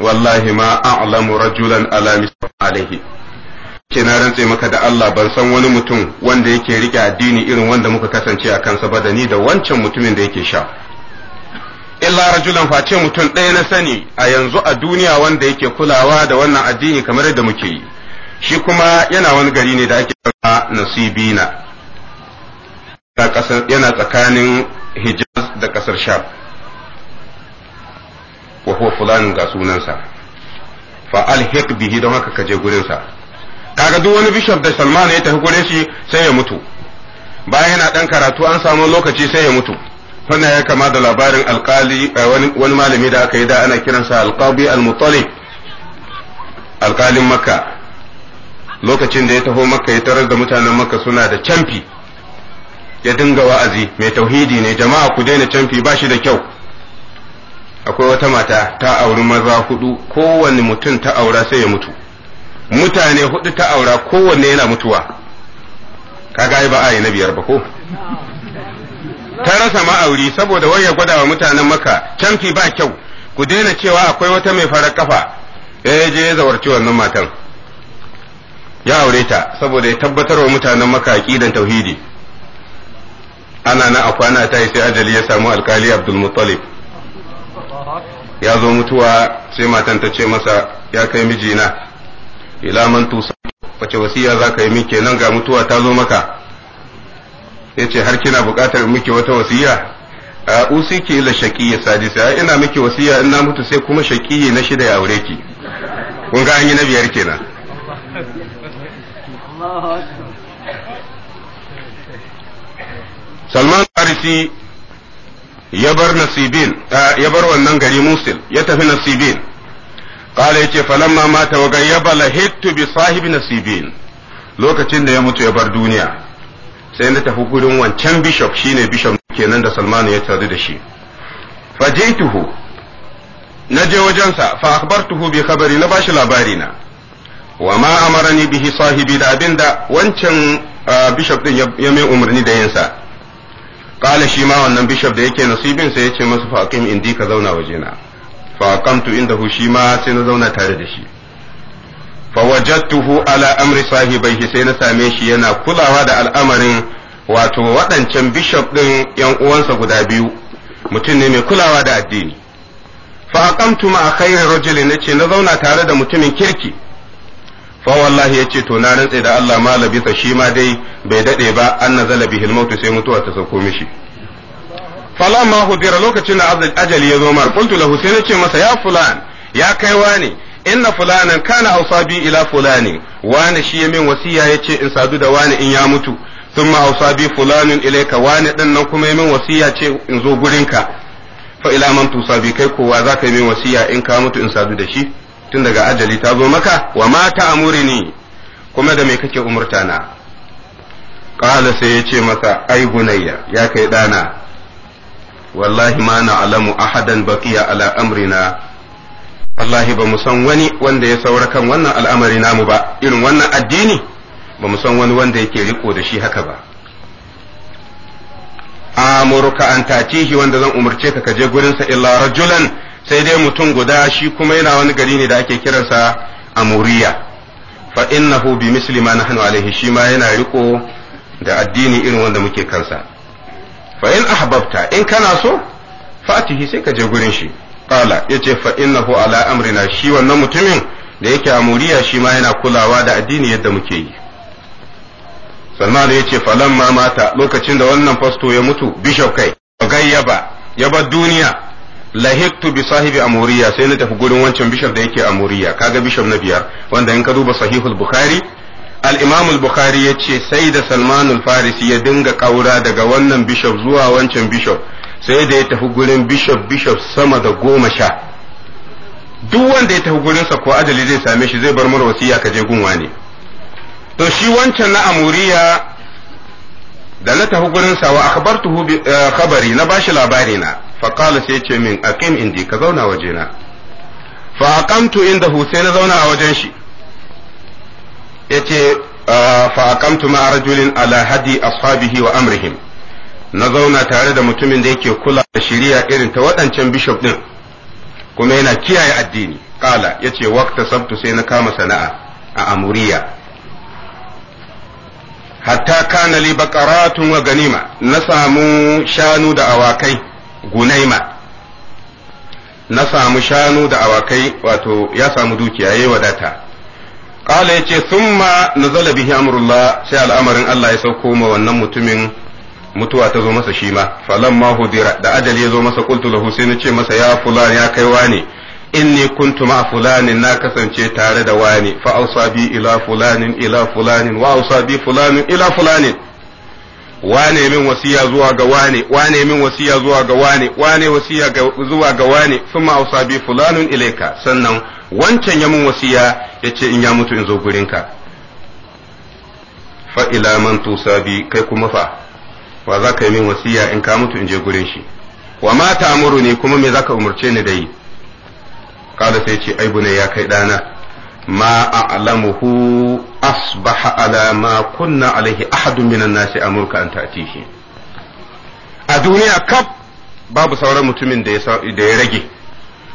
wallahi ma a'lamu rajulan ala alaihi ke na rantse maka da Allah ban san wani mutum wanda yake rike addini irin wanda muka kasance a kansa ba da ni da wancan mutumin da yake sha illa rajulan face mutum ɗaya na sani a yanzu a duniya wanda yake kulawa da wannan addini kamar yadda muke yi shi kuma yana wani gari ne da ake kira nasibina yana tsakanin hijaz da ƙasar sham wa huwa fulan ga sunansa fa alhiq bihi don haka kaje gurinsa kaga duk wani bishop da salman ya tafi gurin shi sai ya mutu bayan yana dan karatu an samu lokaci sai ya mutu sannan ya kama da labarin alkali eh, wani malami da aka yi da ana kiransa alqabi al alkalin makka lokacin da ya taho makka ya tarar da mutanen makka suna da camfi ya dinga wa'azi mai tauhidi ne jama'a ku daina camfi ba shi da kyau akwai wata mata ta auri maza hudu kowanne mutum ta aura sai ya mutu mutane hudu ta aura kowanne yana mutuwa kaga ba a yi na biyar ba ko ta rasa ma'auri saboda wai ya gwada wa mutanen maka canfi ba kyau ku daina cewa akwai wata mai farar kafa eh, ya je ya zawarci wannan matan ya aure ta saboda ya tabbatar wa mutanen maka aqidan tauhidi ana na akwana ta sai ajali ya samu alkali abdul muttalib ya zo mutuwa sai matan ta ce masa ya kai mijina ila man tusa wace wasiya za ka yi min kenan ga mutuwa ta zo maka ya ce har kina buƙatar miki wata wasiya a ke ila shaqiyyi sadisi ai ina miki wasiya in na mutu sai kuma shakiyya na shida ya aure ki kun ga an yi na biyar kenan Salman Farisi ya bar nasibin ya bar wannan gari Musil ya tafi nasibin قال يتي فلما ya وغيب لهدت بصاحب نسيبين lokacin da ya mutu ya bar duniya sai na tafi gudun wancan bishop shine bishop kenan da salmanu ya taru da shi fajaituhu na je wajensa fa akhbartuhu bi khabari na bashi labari na wa ma amarani bihi sahibi da abinda wancan bishop din ya mai umarni da yinsa kala shi ma wannan bishop da yake nasibin sai ya ce masa fa indi ka zauna wajena fa aqamtu indahu shi ma sai na zauna tare da shi fawajattuhu ala amri sahibaihi sai na same shi yana kulawa da al'amarin wato waɗancan bishop ɗin ‘yan uwansa guda biyu mutum ne mai kulawa da addini fa aqamtu ma khairir rajuli nace na zauna tare da mutumin kirki fa wallahi yace to na rantse da Allah ma labisa shi ma dai bai dade ba an nazala bihil maut sai mutuwa ta sauko mishi falamma hudira lokacin da ajali ya zo mar qultu lahu sai nace masa ya fulan ya kaiwa ne inna fulanan kana ausabi ila fulani wani shi ya min wasiya yace in sadu da wani in ya mutu thumma ausabi fulanin ilayka wani din nan kuma ya min wasiya ce in zo gurinka fa ila man tusabi kai kowa zaka yi min wasiya in ka mutu in sadu da shi tun daga ajali ta zo maka wa ma ta amurini kuma da me kake umurta na qala sai yace masa ai gunayya ya kai dana wallahi ma na alamu ahadan baqiya ala amrina wallahi ba mu san wani wanda ya saura kan wannan al'amari namu ba irin wannan addini ba mu san wani wanda yake riko da shi haka ba amurka an tatihi wanda zan umarce ka kaje gurinsa illa rajulan sai dai mutum guda shi kuma yana wani gari ne da ake kiransa amuriya fa innahu bi misli ma nahnu alaihi shi ma yana riko da addini irin wanda muke kansa fa in ahbabta in kana so fatihi sai ka je gurin shi qala yace fa innahu ala amrina shi wannan mutumin da yake amuriya shi ma yana kulawa da addini yadda muke yi ya yace falon ma mata lokacin da wannan fasto ya mutu bishop kai gayyaba ya bar duniya lahiktu bi sahibi amuriya sai na tafi gurin wancan bishop da yake amuriya kaga bishop na biyar wanda in ka duba sahihul bukhari al-imam al-bukhari yace sai da salman farisi ya dinga kaura daga wannan bishop zuwa wancan bishop sai da ya tafi gurin bishop bishop sama da goma sha duk wanda ya tafi gurinsa ko ajali zai same shi zai bar mara wasiya ka je gunwa ne to shi wancan na amuriya da na tafi gurinsa wa akhbartuhu eh, khabari na bashi labari na fa qala sai ce min aqim indi ka zauna na fa aqamtu indahu sai na zauna a wajen shi yace ah, fa aqamtu ma rajulin ala hadi ashabihi wa amrihim na zauna tare da mutumin da yake kula da shiriya irin ta waɗancan bishop ɗin kuma yana kiyaye addini ƙala ya ce wakta sabtu sai na kama sana'a a amuriya hatta kana li baqaratun wa ganima na samu shanu da awakai gunaima na samu shanu da awakai wato ya samu dukiya yayi wadata ƙala yace ce summa nazala bihi amrullah sai al'amarin Allah ya sauko ma wannan mutumin mutuwa ta zo masa shi ma falan ma hudira da ajali ya zo masa qultu lahu sai na ce masa ya fulan ya kai wani inni kuntu ma fulanin na kasance tare da wani fa ausa bi ila fulanin ila fulanin wa ausa bi fulanin ila fulanin wane min wasiya zuwa ga wane wane min wasiya zuwa ga wane wane wasiya zuwa ga wane thumma ausa bi fulanun ilaika sannan wancan ya mun wasiya yace in ya mutu in zo gurinka fa ila man tusa kai kuma fa wa za ka yi min wasiya in ka mutu in je gurin shi wa ma ta amuru ne kuma me za ka umarce ni da yi kada sai ce ai bune ya kai dana ma a'lamuhu asbaha ala ma kunna alaihi ahadun minan nasi amurka an shi a duniya kaf babu sauran mutumin da ya rage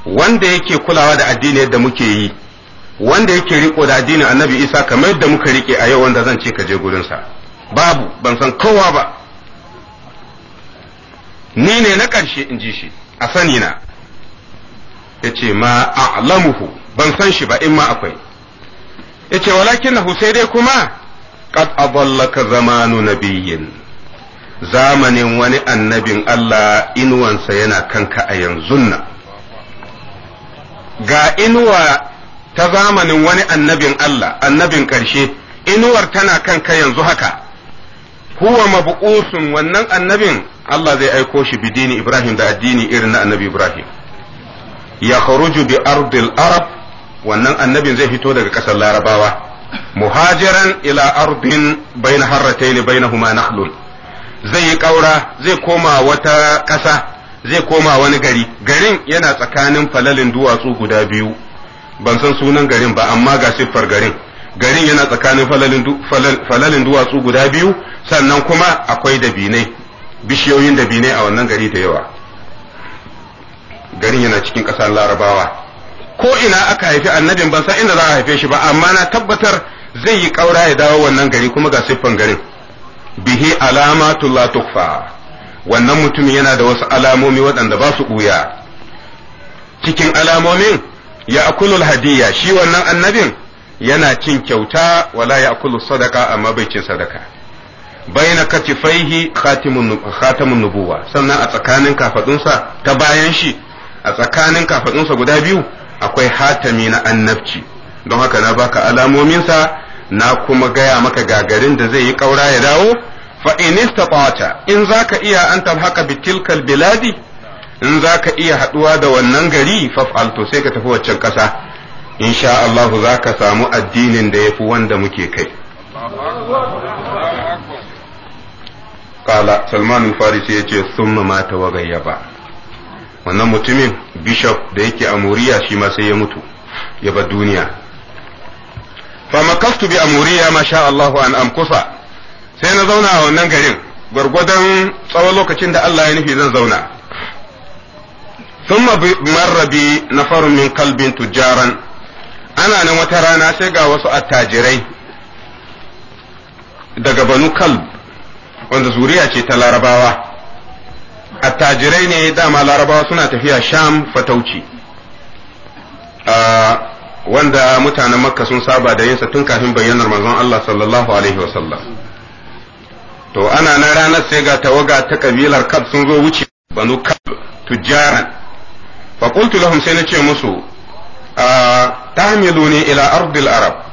wanda yake kulawa da addini yadda muke yi wanda yake riko da addini annabi isa kamar yadda muka rike a yau wanda zan ce ka je gurinsa babu ban san kowa ba ni ne na ƙarshe in ji shi a sani na ya ce ma a'lamuhu ban san shi ba in ma akwai ya ce walakin na sai dai kuma qad adallaka zamanu nabiyyin zamanin wani annabin Allah inuwansa yana kanka a yanzu nan ga inuwa ta zamanin wani annabin Allah annabin ƙarshe inuwar tana kanka yanzu haka huwa mabu'usun wannan annabin Allah zai aiko shi bidini Ibrahim da addini irin na annabi Ibrahim ya kharuju bi ardil arab wannan annabin zai fito daga ƙasar larabawa muhajiran ila ardin bayna harratayn bainahuma nahlun zai yi kaura zai koma wata ƙasa zai koma wani gari garin yana tsakanin falalin duwatsu guda biyu ban san sunan garin ba amma ga siffar garin garin yana tsakanin falalin duwatsu guda biyu sannan kuma akwai dabinai bishiyoyin da bine a wannan gari da yawa garin yana cikin ƙasar larabawa ko ina aka haifi annabin ban san inda za a haife shi ba amma na tabbatar zai yi ƙaura ya dawo wannan gari kuma ga siffan garin bihi alamatu la tukfa wannan mutumin yana da wasu alamomi waɗanda ba su ɓuya cikin alamomin ya akulul hadiya shi wannan annabin yana cin kyauta wala ya akulu sadaka amma bai cin sadaka baina katifaihi khatimun nubuwa sannan a tsakanin kafadunsa ta bayan shi a tsakanin kafadunsa guda biyu akwai hatami na annabci don haka na baka alamominsa na kuma gaya maka gagarin da zai yi kaura ya dawo fa in istata'ta in zaka iya an tabhaka bitilkal biladi in zaka iya haduwa da wannan gari fa'al to sai ka tafi waccan kasa insha Allah zaka samu addinin da yafi wanda muke kai kala salman farisi ya ce sun mata wagayyaba gayyaba wannan mutumin bishop da yake a moriya shi ma sai ya mutu ya bar duniya fa makastu bi amuriya ma sha Allahu an amkusa sai na zauna a wannan garin gwargwadon tsawon lokacin da Allah ya nufi zan zauna thumma marra bi nafarun min kalbin tujaran ana nan wata rana sai ga wasu attajirai daga banu kalb wanda zuriya ce ta larabawa attajirai ne dama larabawa suna tafiya sham fatauci wanda mutanen makka sun saba da yinsa tun kafin bayyanar manzon Allah sallallahu alaihi wasallam to ana nan ranar sai ga tawaga ta kabilar kab sun zo wuce banu kab tujjaran fa qultu lahum sai nace musu tahmiluni ila ardil arab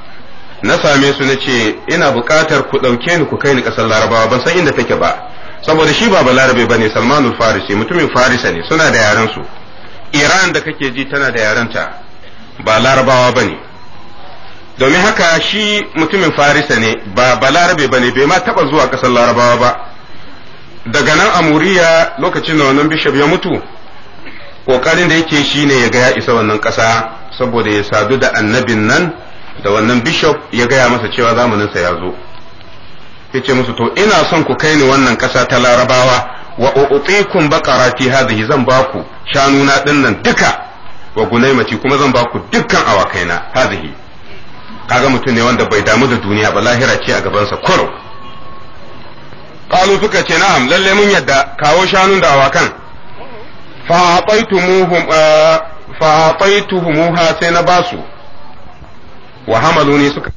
na same su na ce ina buƙatar ku ɗauke ni ku kai ni ƙasar larabawa ban san inda take ba saboda shi ba balarabe ba ne salmanul farisi mutumin farisa ne suna da yaren su iran da kake ji tana da yarenta ba larabawa ba ne domin haka shi mutumin farisa ne ba balarabe ba ne bai ma taɓa zuwa ƙasar larabawa ba daga nan amuriya lokacin da wannan bishop ya mutu ƙoƙarin da yake shi ne ya ga ya isa wannan ƙasa saboda ya sadu da annabin nan da wannan bishop ya gaya masa cewa zamaninsa ya zo ya ce musu to ina son ku kai ni wannan ƙasa ta larabawa wa u'tikum baqara fi hadhihi zan baku na dinnan duka wa gunaimati kuma zan baku dukkan awakaina hadhihi kaga mutum ne wanda bai damu da duniya ba lahira ce a gabansa kwaro qalu suka ce na'am lalle mun yadda kawo shanu da awakan fa aqaitumuhum eh, fa a'taytuhumuha sai na basu wa hamaluni suka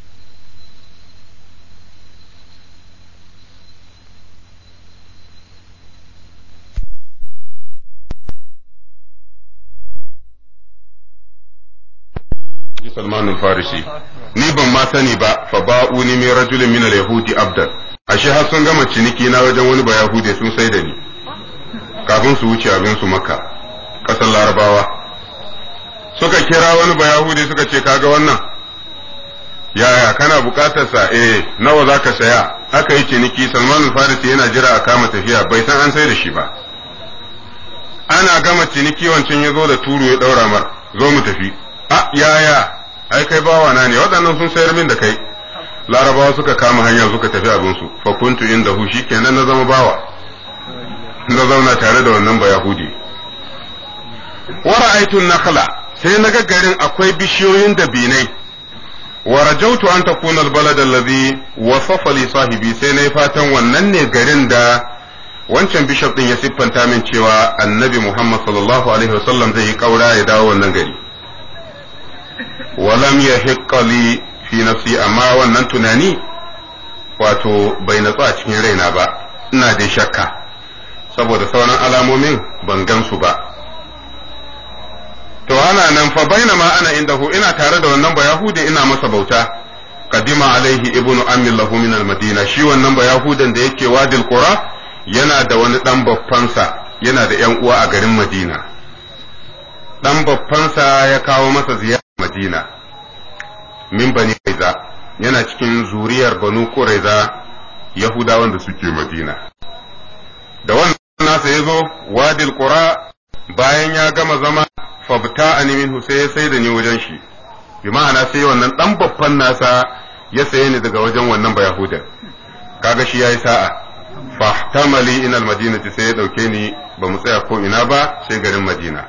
Salman farisi ni ban ma sani ba fa ba'u min rajulin min al-yahudi abdal ashe har sun gama ciniki na wajen wani ba yahudi sun sai da ni kafin su wuce abin su makka kasar larabawa suka kira wani ba yahudi suka ce kaga wannan yaya kana bukatar sa eh nawa zaka saya aka yi ciniki Salman al-Farisi yana jira a kama tafiya bai san an sai da shi ba ana gama ciniki wancan ya zo da turu ya daura mar zo mu tafi a yaya ai kai bawa na ne waɗannan sun sayar min da kai larabawa suka kama hanya suka tafi su fa kuntu inda hu kenan na zama bawa na zauna tare da wannan bayahudi wa ra'aytu nakhla sai na ga garin akwai bishiyoyin dabinai wa rajautu an takuna albalad alladhi wasafa li sahibi sai na yi fatan wannan ne garin da wancan bishop ɗin ya siffanta min cewa annabi Muhammad sallallahu alaihi wasallam zai yi ƙaura ya dawo wannan gari walam yahiqqa li fi nafsi amma wannan tunani wato bai natsu a cikin raina ba ina da shakka saboda sauran alamomin ban gan su ba to ana nan fa baina bainama ana indahu ina tare da wannan bayahudi ina masa bauta kadima alaihi ibnu ammi lahu min almadina shi wannan bayahudan da yake wadil qura yana da wani dan sa yana da yan uwa a garin madina dan sa ya kawo masa ziyara madina min bani kaiza yana cikin zuriyar banu quraiza yahudawan da suke madina da wannan nasa yazo wadil qura bayan ya gama zama fabta ani minhu sai ya sai da ni wajen shi bi ma'ana sai wannan dan babban nasa ya saye ni daga wajen wannan bayahuda kaga shi yayi sa'a fahtamali ina almadinati sai ya dauke ni ba mu tsaya ko ina ba sai garin madina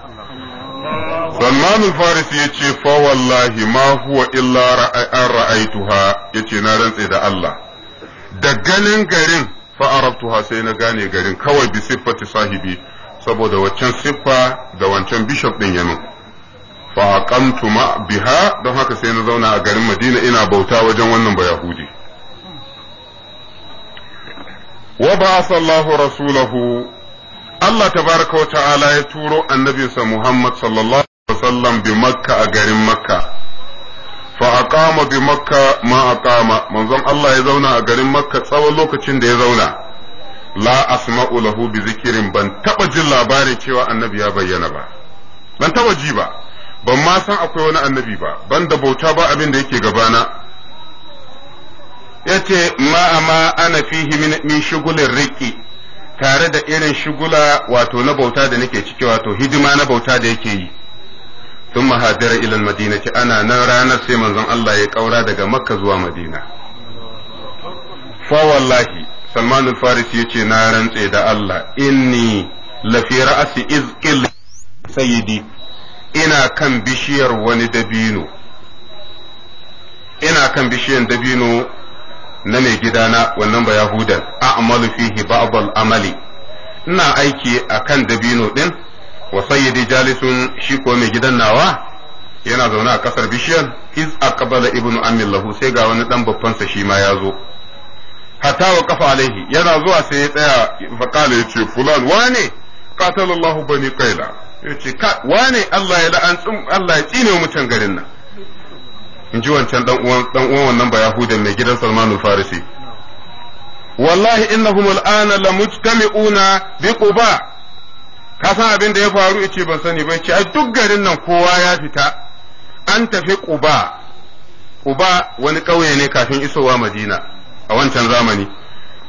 Salman al-Farisi ya ce fa wallahi ma huwa illa ra'aituha yace na rantse da Allah da ganin garin fa arabtuha sai na gane garin kawai bi siffati sahibi saboda waccan siffa da wancan bishop ɗin ya fa aqamtu ma biha don haka sai na zauna a garin Madina ina bauta wajen wannan bayahudi wa ba'atha Allahu rasulahu Allah tabaraka wa ta'ala ya turo annabinsa Muhammad sallallahu alaihi wasallam bi Makka a garin Makka fa aqama bi Makka ma aqama manzon Allah ya zauna a garin Makka tsawon lokacin da ya zauna la asma'u lahu bi zikirin ban taba jin labarin cewa annabi ya bayyana ba ban taba ji ba ban ma san akwai wani annabi ba ban bauta ba abin da yake gabana yace ma ma ana fihi min shugulin riki tare da irin shugula wato na bauta da nake ciki wato hidima na bauta da yake yi sun mahajira ilal madina ci ana nan ranar sai manzon Allah ya kaura daga makka zuwa madina fa wallahi Salman al-Farisi yace na rantse da Allah inni lafi ra'asi ina kan bishiyar wani dabino ina kan bishiyar na mai gidana wannan ba yahudan amali ina aiki akan dabino din wa sayyidi jalisun shi ko mai gidan nawa yana zaune a kasar bishiyar iz aqbala ibnu Amin lahu sai ga wani dan babban sa shi ma ya zo hatta wa kafa alaihi yana zuwa sai ya tsaya faqala yace fulan wane qatala Allah bani qaila yace ka wane Allah ya la'an Allah ya tsine mutan garin nan in ji wancan dan uwan dan uwan wannan ba yahudan mai gidan Salmanu farisi wallahi innahum al'ana lamujtami'una bi quba ka san abin da ya faru yace ban sani ba yace ai duk garin nan kowa ya fita an tafi quba quba wani kauye ne kafin isowa madina a wancan zamani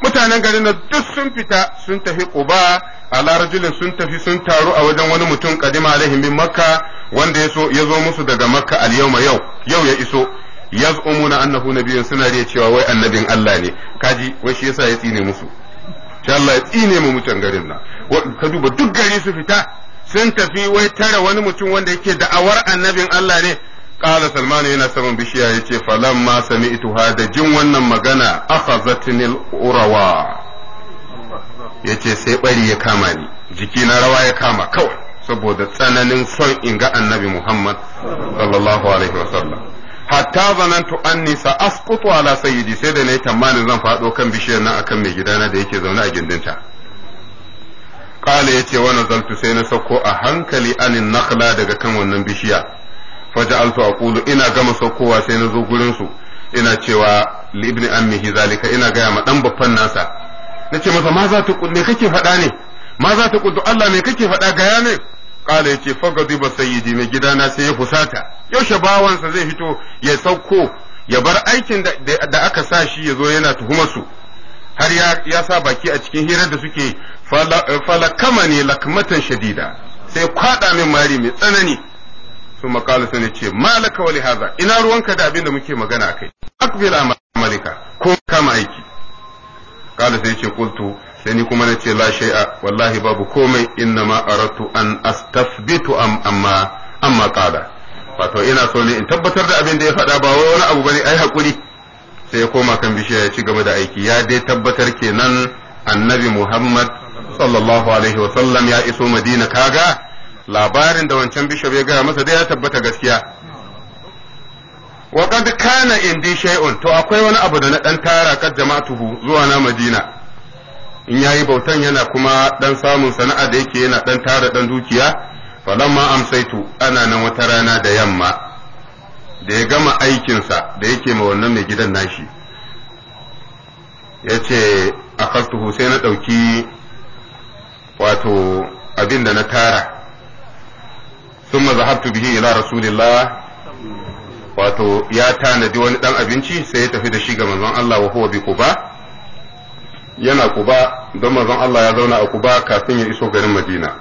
mutanen garin da duk sun fita sun tafi quba ala rajulin sun tafi sun taru a wajen wani mutum kadima alaihim min makka wanda ya so ya zo musu daga makka al yau yau ya iso yaz'umuna annahu nabiyyun suna riya cewa wai annabin Allah ne kaji wai shi yasa ya tsine musu sha Allah ya tsine mu mutan garin nan ka duba duk gari su fita sun tafi wai tara wani mutum wanda yake da'awar annabin Allah ne qala salman yana saman bishiya yace falamma sami'tuha da jin wannan magana akhazatni urawa yace sai bari ya kama ni jiki na rawa ya kama kawai saboda tsananin son in ga annabi Muhammad sallallahu alaihi wasallam hatta zanantu anni sa asqutu ala sayyidi sai da yi tamanin zan fado kan bishiyar nan akan mai gidana da yake zaune a gindinta kale yace wa nazaltu sai na sauko a hankali anin nakhla daga kan wannan bishiya faja'altu aqulu ina gama saukowa sai na zo gurin su ina cewa li ibni ammihi zalika ina gaya ma dan babban nasa nace masa ma za ta kulle kake faɗa ne ma za ta kudu Allah ne kake faɗa gaya ne kala yace fagadi ba sayyidi mai gidana sai ya fusata yaushe bawansa zai fito ya sauko ya bar aikin da aka sa shi ya zo yana tuhumar su har ya sa baki a cikin hirar da suke eh, falakama ne lakmatan shadida sai kwaɗa min mari mai tsanani ثم ne ce malaka wali haza ina ruwanka da abin da muke magana akai akbila malika ko kama aiki sai yace kultu sai ni kuma nace ce la shay'a wallahi babu komai inna ma aratu an astathbitu am amma amma qala wato ina so ne in tabbatar da abin da ya faɗa ba wani abu bane ai hakuri sai ya koma kan bishiya ya ci gaba da aiki ya dai tabbatar kenan annabi Muhammad sallallahu alaihi wa sallam ya iso Madina kaga labarin da wancan bishop ya gaya masa dai ya tabbata gaskiya wa qad kana indi shay'un to akwai wani abu da na dan tara kad jama'atuhu zuwa na Madina in yayi bautan yana kuma dan samun sana'a da yake yana dan tara dan dukiya falamma amsaitu ana nan wata rana da yamma da ya gama aikinsa da yake ma wannan mai gidan nashi ya ce a sai na ɗauki wato abin da na tara sun zahabtu bihi ila rasulillah wato ya tanadi wani dan abinci sai ya tafi da shi ga manzon Allah wa huwa bi kuba yana kuba don manzon Allah ya zauna a kuba kafin ya iso garin Madina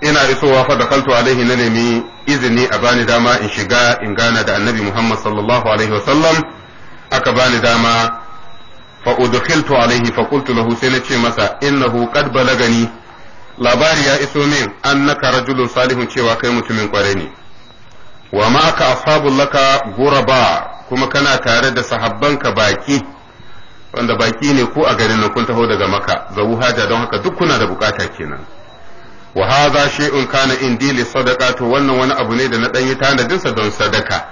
ina isowa fa da kaltu alaihi na nemi izini a bani dama in shiga in gana da annabi Muhammad sallallahu alaihi wasallam aka bani dama fa udkhiltu alaihi fa qultu lahu sai na ce masa innahu qad balagani labari ya iso min an naka rajulun salihun cewa kai mutumin kware ne wa aka ashabul laka guraba kuma kana tare da sahabbanka baki wanda baki ne ko a garin nan kun taho daga maka zawu haja don haka duk kuna da bukata kenan wa hadha shay'un kana indi li sadaqatu wannan wani abu ne da na dan yi tanadin sa don sadaka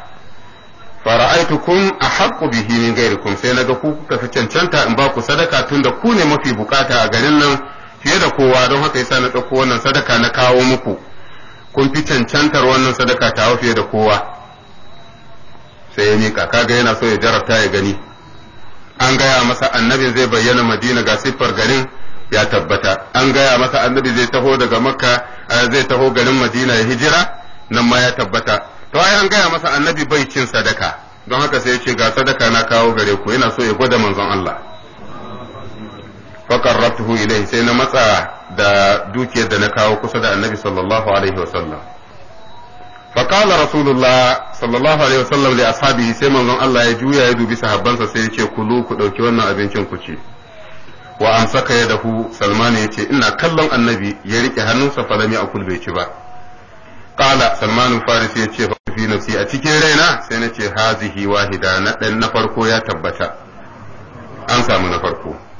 fara'aitukum ahaqqu bihi min ghairikum sai naga ku kuka fi cancanta in ba ku sadaka tunda ku ne mafi bukata a garin nan fiye da kowa don haka yasa na ɗauko wannan sadaka na kawo muku kun fi cancantar wannan sadaka ta fiye da kowa sai ya miƙa kaga yana so ya jarabta ya gani an gaya masa annabi zai bayyana madina ga siffar garin ya tabbata an gaya masa annabi zai taho daga makka zai taho garin madina ya hijira nan ma ya tabbata to ai an gaya masa annabi bai cin sadaka don haka sai ya ce ga sadaka na kawo gare ku yana so ya gwada manzon Allah faqarratuhu ilayhi sai na matsa da dukiyar da na kawo kusa da annabi sallallahu alaihi wasallam faƙala rasulullah sallallahu alaihi wasallam da ashabi sai manzon Allah ya juya ya dubi sahabbansa sai ya ce kulu ku ɗauki wannan abincin ku ci wa an saka ya dahu salman ya ce ina kallon annabi ya rike hannunsa falami a bai ci ba ƙala salman farisi ya ce fi nafsi a cikin raina sai na ce hazihi wahida na dan na farko ya tabbata an samu na farko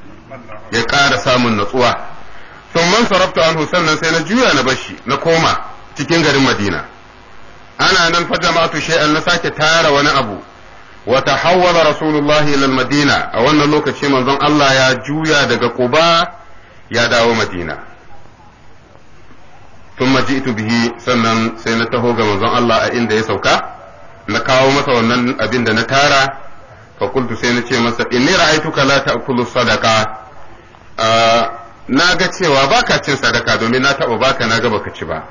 ya ƙara samun natsuwa sun man sarrafta anhu sannan sai na juya na bashi na koma cikin garin madina ana nan fa jama'atu shay'an na sake tara wani abu wa tahawwala rasulullahi ila madina a wannan lokaci manzon Allah ya juya daga Quba ya dawo madina ثم جئت bihi sannan sai na taho ga manzon Allah a inda ya sauka na kawo masa wannan abin da na tara fa qultu sai na ce masa inni ra'aytuka la ta'kulu sadaqa na ga cewa baka cin sadaka domin na taɓa baka na ga baka ci ba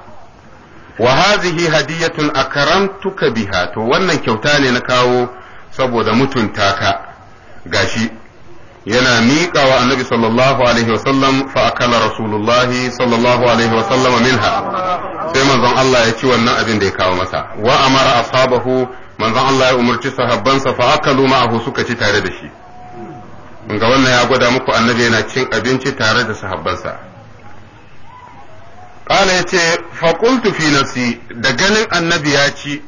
wa hazihi hadiyatun akramtuka biha to wannan kyauta ne na kawo saboda mutunta ka gashi yana miƙa wa annabi sallallahu alaihi wasallam fa akala rasulullahi sallallahu alaihi wasallam minha sai manzon Allah ya ci wannan abin da ya kawo masa wa amara ashabahu manzon Allah ya umarci sa fa akalu ma'ahu suka ci tare da shi ga wannan ya gwada muku annabi yana cin abinci tare da sahabbansa ƙala ya ce faƙultu fi nafsi da ganin annabi ya ci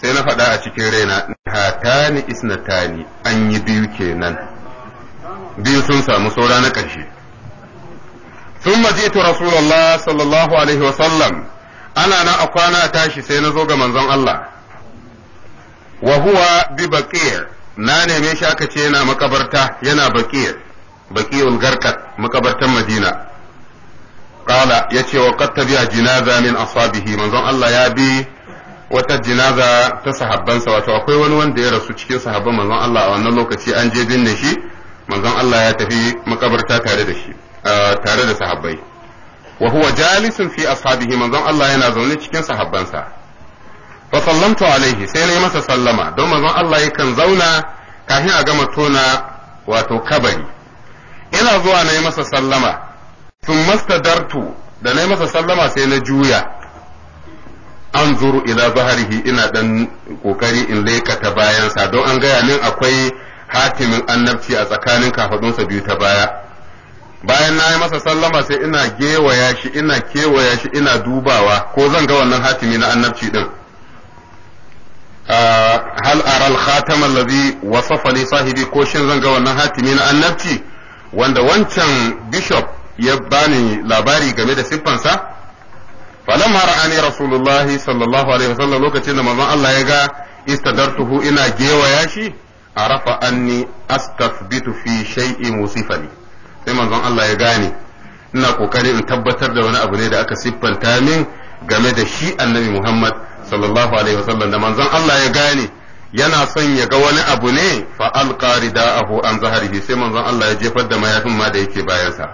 sai na faɗa a cikin raina hatani isnatani an yi biyu kenan biyu sun samu saura na ƙarshe sun majitu rasulallah sallallahu alaihi wasallam ana na a kwana tashi sai na zo ga manzon Allah wa huwa bi baqir na neme shi aka ce yana makabarta yana bakiyar baƙiyar garkat makabartan madina qala yace wa qad tabi'a jinaza min ashabihi manzon Allah ya bi wata jinaza ta sahabbansa wato akwai wani wanda ya rasu cikin sahabban manzon Allah a wannan lokaci an je binne shi manzon Allah ya tafi makabarta tare da shi tare da sahabbai wa huwa jalisun fi ashabihi manzon Allah yana zaune cikin sahabbansa fa sallamtu alaihi sai na yi masa sallama don manzon Allah yakan zauna kafin a gama tona wato kabari ina zuwa na yi masa sallama sun mastadartu da na yi masa sallama sai na juya an zuru ila zaharihi ina dan kokari in leka bayansa don an gaya min akwai hatimin annabci a tsakanin kafadunsa biyu ta baya bayan na yi masa sallama sai ina gewaya shi ina kewaya shi ina dubawa ko zan ga wannan hatimi na annabci din hal aral khatam allazi wasafa li sahibi ko shin zan ga wannan hatimi na annabci wanda wancan bishop ya bani labari game da siffansa falamma ra'ani rasulullah sallallahu alaihi wasallam lokacin da manzon Allah ya ga istadartuhu ina gewaya shi arafa anni astathbitu fi shay'i musifani sai manzon Allah ya gane ina kokari in tabbatar da wani abu ne da aka siffanta min game da shi annabi Muhammad sallallahu alaihi wasallam da manzon Allah ya gane yana son ya ga wani abu ne fa alqa rida'ahu an zahrihi sai manzon Allah ya jefar da mayafin ma da yake bayansa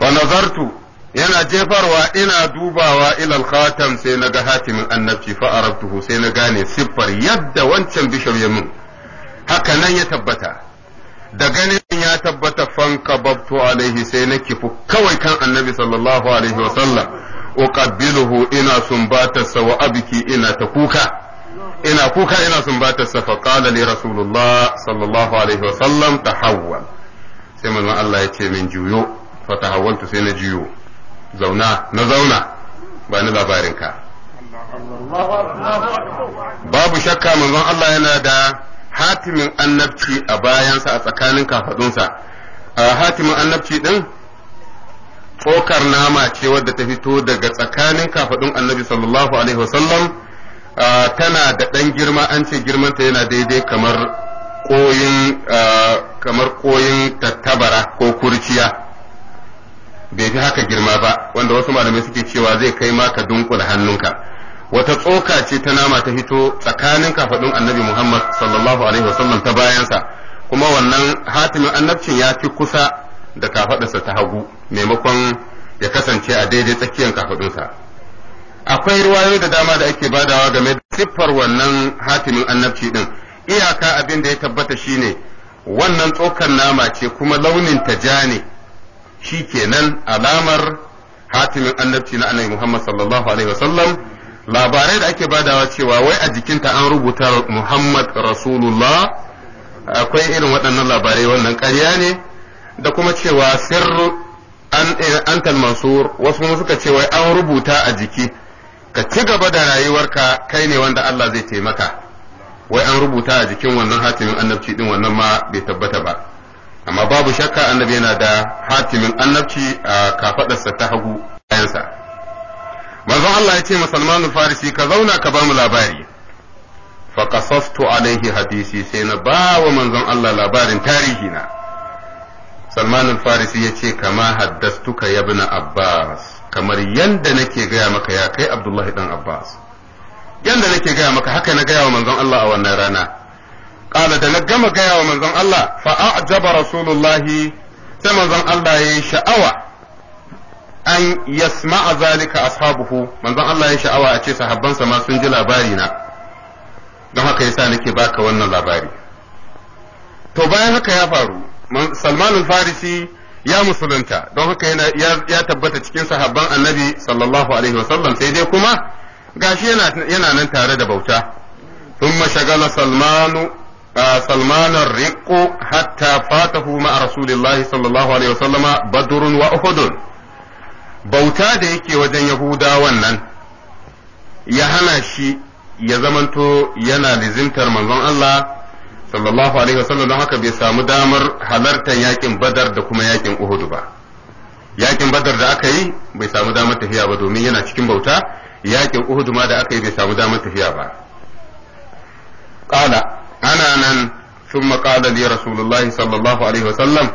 wa nazartu yana jefarwa ina dubawa ilal khatam sai na ga hatimin annabci fa arabtuhu sai na gane siffar yadda wancan bishar ya mun haka nan ya tabbata da ganin ya tabbata fanka babtu alaihi sai na kifu kawai kan annabi sallallahu alaihi wasallam uqabbiluhu ina sumbatarsa wa abiki ina ta kuka ina kuka ina sumbatarsa fa qala li rasulullah sallallahu alaihi wa sallam tahawwal sai manzon Allah ya ce min juyo fa tahawwaltu sai na juyo zauna na zauna ba ni labarin ka babu shakka manzon Allah yana da hatimin annabci a bayansa a tsakanin kafadunsa hatimin annabci din tsokar nama ce wadda ta fito daga tsakanin kafadun annabi sallallahu alaihi wasallam ah, tana da ɗan girma an ce girmanta yana daidai kamar koyin ah, kamar koyin tattabara ko kurciya bai fi haka girma ba wanda wasu malamai suke cewa zai kai ma ka dunkula hannunka wata tsoka ce ta nama ta fito tsakanin kafadun annabi muhammad sallallahu alaihi wasallam ta bayansa kuma wannan hatimin annabcin ya fi kusa da kafadarsa ta hagu maimakon ya kasance a daidai tsakiyar kafadunsa akwai ruwayoyi da dama da ake badawa game da siffar wannan hatimin annabci ɗin iyaka abin da ya tabbata shi ne wannan tsokar nama ce kuma launin ta ja ne shi kenan alamar hatimin annabci na annabi Muhammad sallallahu alaihi wasallam labarai da ake badawa cewa wai a jikinta an rubuta Muhammad Rasulullah akwai irin waɗannan labarai wannan ƙarya ne da kuma cewa sirru antal mansur wasu kuma suka ce wai an rubuta a jiki ka ci gaba da rayuwarka kai ne wanda Allah zai taimaka wai an rubuta a jikin wannan hatimin annabci din wannan ma bai tabbata ba amma babu shakka annabi yana da hatimin annabci a kafadarsa ta hagu bayansa manzon Allah ya ce musulmanu farisi ka zauna ka ba mu labari fa qasastu alaihi hadisi sai na ba wa manzon Allah labarin tarihi na salman al ya ce kama haddastuka ya bin abbas kamar yanda nake gaya maka ya kai abdullahi dan abbas yanda nake gaya maka haka na gaya wa manzon allah a wannan rana ƙala da na gama gaya wa manzon allah fa'ajaba rasulullahi sai manzon allah ya yi sha'awa an yasma'a zalika ashabuhu manzon allah ya sha'awa a ce sahabbansa ma sun ji labari na don haka yasa nake baka wannan labari to bayan haka ya faru Salman al-Farisi ya musulunta don haka yana ya tabbata cikin sahabban Annabi sallallahu alaihi wasallam sai dai kuma gashi yana yana nan tare da bauta thumma shagala Salmanu سلمان الرق حتى فاته مع رسول الله صلى الله عليه وسلم بدر وأحد bauta da yake wajen Yahuda wannan ya hana shi ya zamanto yana lizimtar manzon Allah sallallahu alaihi wasallam don haka bai samu damar halartar yakin badar da kuma yakin uhudu ba yakin badar da aka yi bai samu damar tafiya ba domin yana cikin bauta yakin uhudu ma da aka yi bai samu damar tafiya ba qala ana nan ثم قال لي رسول الله صلى الله عليه وسلم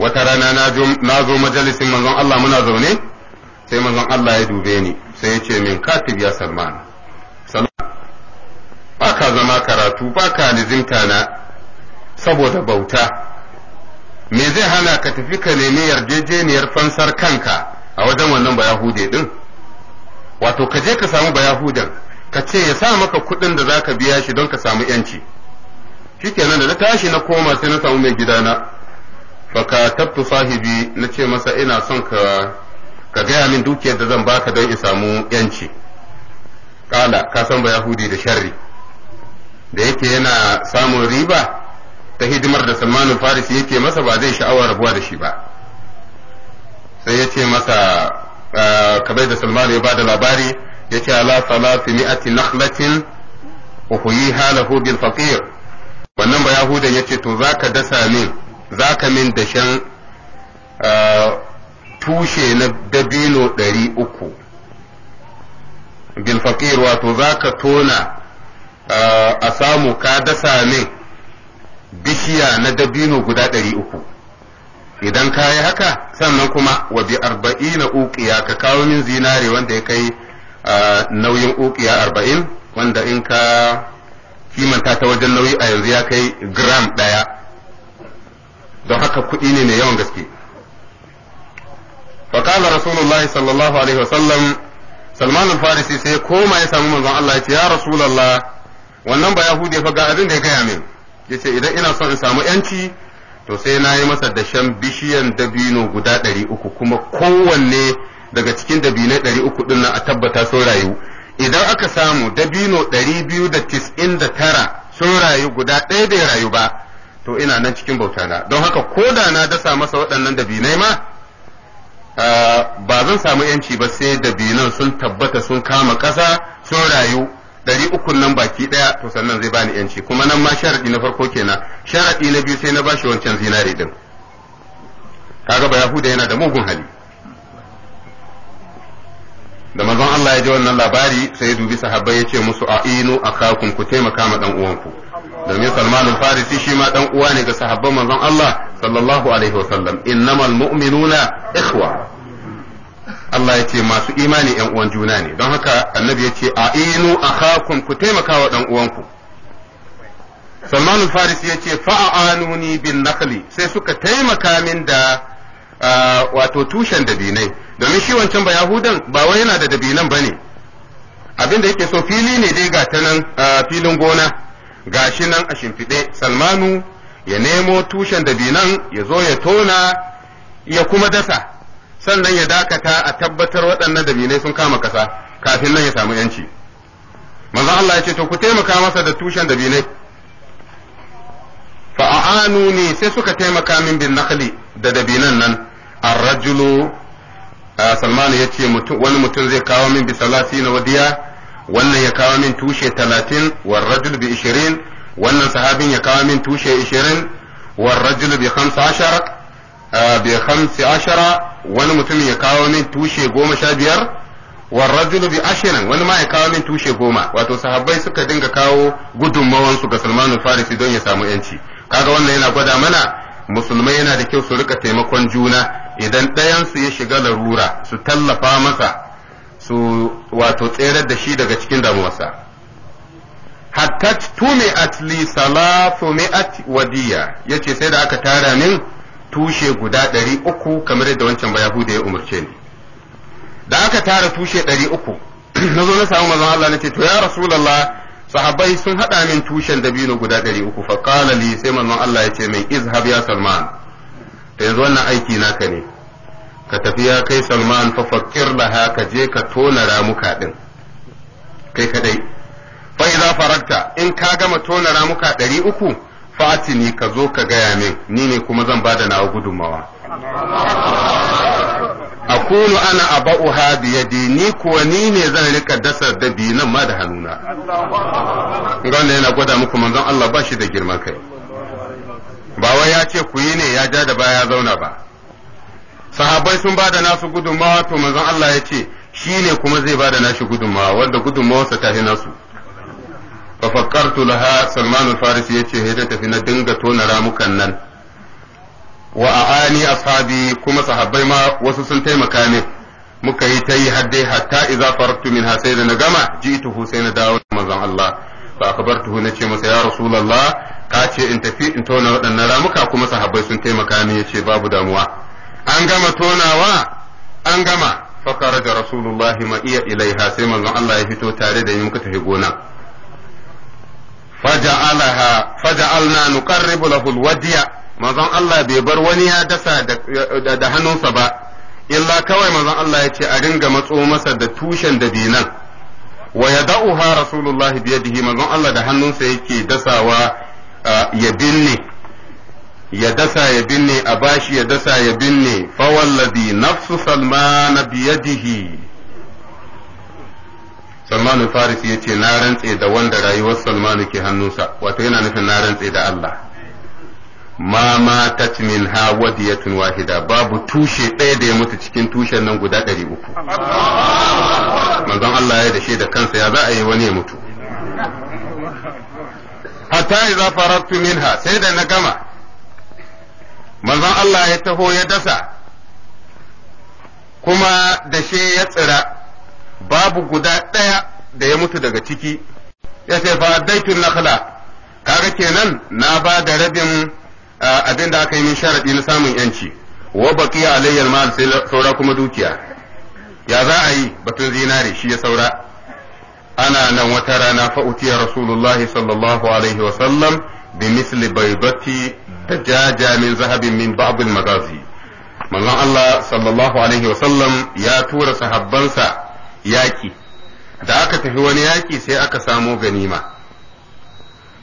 وترانا نازو مجلس من الله منا zaune sai manzon Allah ya dube ni sai ya ce min katib ya salman ba ka zama karatu ba ka nizinta na saboda bauta me zai hana ka tafi ka nemi yarjejeniyar fansar kanka a wajen wannan bayahude din wato ka je ka samu bayahudan ka ce ya sa maka kuɗin da za ka biya shi don ka samu yanci shikenan da na tashi na koma sai na samu mai gidana faka tabtu sahibi na ce masa ina son ka ka gaya min dukiyar da zan baka don in samu yanci kala ka san bayahudi da sharri da yake yana samun riba ta hidimar da salmanu farisi yake masa ba zai sha'awar rabuwa da shi ba sai ya ce masa ah, kabai da salmanu ya ba da labari ya ce ala salafi mi'ati nakhlatin uhuyi halahu bil faqir wannan ba yahudan ya ce to zaka dasa min zaka min dashen ah, tushe na dabino ɗari uku bil faqir wato zaka tona Ah, a samu ka dasa min bishiya na dabino guda ɗari uku idan ka yi haka sannan kuma wa bi arba'ina uqiya ka kawo min zinare wanda ya kai ah, nauyin uqiya arba'in wanda in ka kimanta ta wajen nauyi a yanzu ya kai gram ɗaya don haka kuɗi ne mai yawan gaske فقال رسول الله صلى الله عليه وسلم سلمان الفارسي سيكوما يسامو من الله يا رسول الله wannan ba yahudi ya faga abin da ya gaya min yace idan ina son in samu yanci to sai na yi masa dashen bishiyan dabino guda ɗari uku kuma kowanne daga cikin dabinai ɗari uku ɗin nan a tabbata sun rayu idan aka samu dabino ɗari biyu da tis'in da tara sun rayu guda ɗaya bai rayu ba to ina nan cikin bauta na don haka ko da na dasa masa waɗannan dabinai ma ba zan samu yanci ba sai dabinan sun tabbata sun kama ƙasa sun rayu ɗari uku nan baki ɗaya to sannan zai bani yanci kuma nan ma sharaɗi na farko kenan sharaɗi na biyu sai na bashi wancan zinari ɗin kaga ba yahuda yana da mugun hali da manzon Allah ya ji wannan labari sai ya dubi sahabbai ya ce musu a'inu akakum ku taimaka ma dan uwanku domin Salman farisi shi ma dan uwa ne ga sahabban manzon Allah sallallahu alaihi wasallam innamal mu'minuna ikhwa Allah ya ce masu imani ‘yan uwan juna ne, don haka annabi ya ce, a inu a hakun ku taimaka wa ɗan uwanku. Salmanu Faris ya ce, anuni bin nakali sai suka taimaka min da wato tushen dabinai, domin shi wancan ba Yahudan ba wai yana da dabinan ba ne. Abin da yake so fili ne dai ga ta nan filin gona, ga shi nan a shimfiɗe, Salmanu ya nemo tushen dabinan ya zo ya tona ya kuma dasa. sannan ya dakata a tabbatar waɗannan dalilai sun kama ƙasa kafin nan ya samu yanci manzo Allah ya ce to ku taimaka masa da tushen dabinai fa ne sai suka taimaka min bin da dabinan nan an rajulu Salmanu ya ce wani mutum zai kawo min bi na wadiya wannan ya kawo min tushe talatin war rajul bi ishirin wannan sahabin ya kawo min tushe ishirin war rajul bi bi khamsi ashara wani mutum ya kawo min tushe goma sha biyar bi ashirin wani ma ya kawo min tushe goma wato sahabbai suka dinga kawo gudunmawansu ga Salmanu Farisi don ya samu yanci kaga wannan yana gwada mana musulmai yana da kyau su rika taimakon juna idan ɗayansu ya shiga larura su tallafa masa su wato tserar da shi daga cikin damuwarsa hatta tumi atli salatu mi'at wadiya yace sai da aka tara min tushe guda ɗari uku kamar yadda wancan ba Yahuda ya umarce ni da aka tara tushe ɗari uku (clears throat) na zo na samu mazan Allah na ce to ya rasulallah sahabai sun haɗa min tushen dabino guda ɗari uku fa li sai mazan Allah ya ce mai izhab ya salman to yanzu wannan aiki naka ne ka tafi ya kai salman fa fakir da ka je ka tona ramuka din kai kaɗai. Fa'iza in ka gama tona ramuka ɗari uku fatini ka zo ka gaya min ni ne kuma zan bada na gudunmawa kunu ana aba'uha yadi ni kuwa ni ne zan rika dasa da bi nan ma da hannuna wanda yana gwada muku manzon Allah ba da girman kai ba wai ya ce ku yi ne ya ja da baya zauna ba sahabbai sun ba da nasu gudunmawa to manzon Allah ya ce shi ne kuma zai ba da nashi gudunmawa wanda gudunmawarsa ta nasu fa fakartu laha salman al-farisi yace he tafi na dinga tona ramukan nan wa aani ashabi kuma sahabbai ma wasu sun taimaka ne muka yi ta yi haddai hatta idza faraktu minha sai da na gama ji'tuhu sai na dawo manzon Allah fa akhbartuhu nace masa ya rasulullah ka ce in tafi in tona waɗannan ramuka kuma sahabbai sun taimaka ne yace babu damuwa an gama tonawa an gama fakara da rasulullahi ma iya ilaiha sai manzan Allah ya fito tare da yin muka tafi gona faja'alaha faja'alna nuqarribu lahu alwadiya manzon Allah bai bar wani ya dasa da hannunsa ba illa kawai manzon Allah ya ce a ringa matso masa da tushen da binan wa rasulullahi rasulullah biyadihi manzon Allah da hannunsa yake dasawa ya binne ya dasa ya binne a bashi ya dasa ya binne fawallazi nafsu salman biyadihi salmanu farisi ya ce na rantse da wanda rayuwar salmanu ke hannunsa wato yana nufin na rantse da Allah ma matat min ha wadiyatun wahida babu tushe ɗaya da ya mutu cikin tushen nan guda ɗari uku manzon Allah ya dashe da kansa ya za a yi wani ya mutu hatta idza faragtu minha sai da na gama manzon Allah ya taho ya dasa kuma dashe ya tsira babu guda ɗaya da ya mutu daga ciki ya ce fa daitun nakhla kaga kenan na ba da rabin ah, abin da aka yi min sharadi na samun yanci wa baqiya alayyar mal saura kuma dukiya ya za a yi batun zinare shi ya saura ana nan wata rana fa utiya rasulullahi sallallahu alaihi wa sallam bi misli baybati dajaja min zahabin min ba'd al magazi manzon Allah sallallahu alaihi wa sallam ya tura sahabbansa yaƙi da aka tafi wani yaki sai aka samo ganima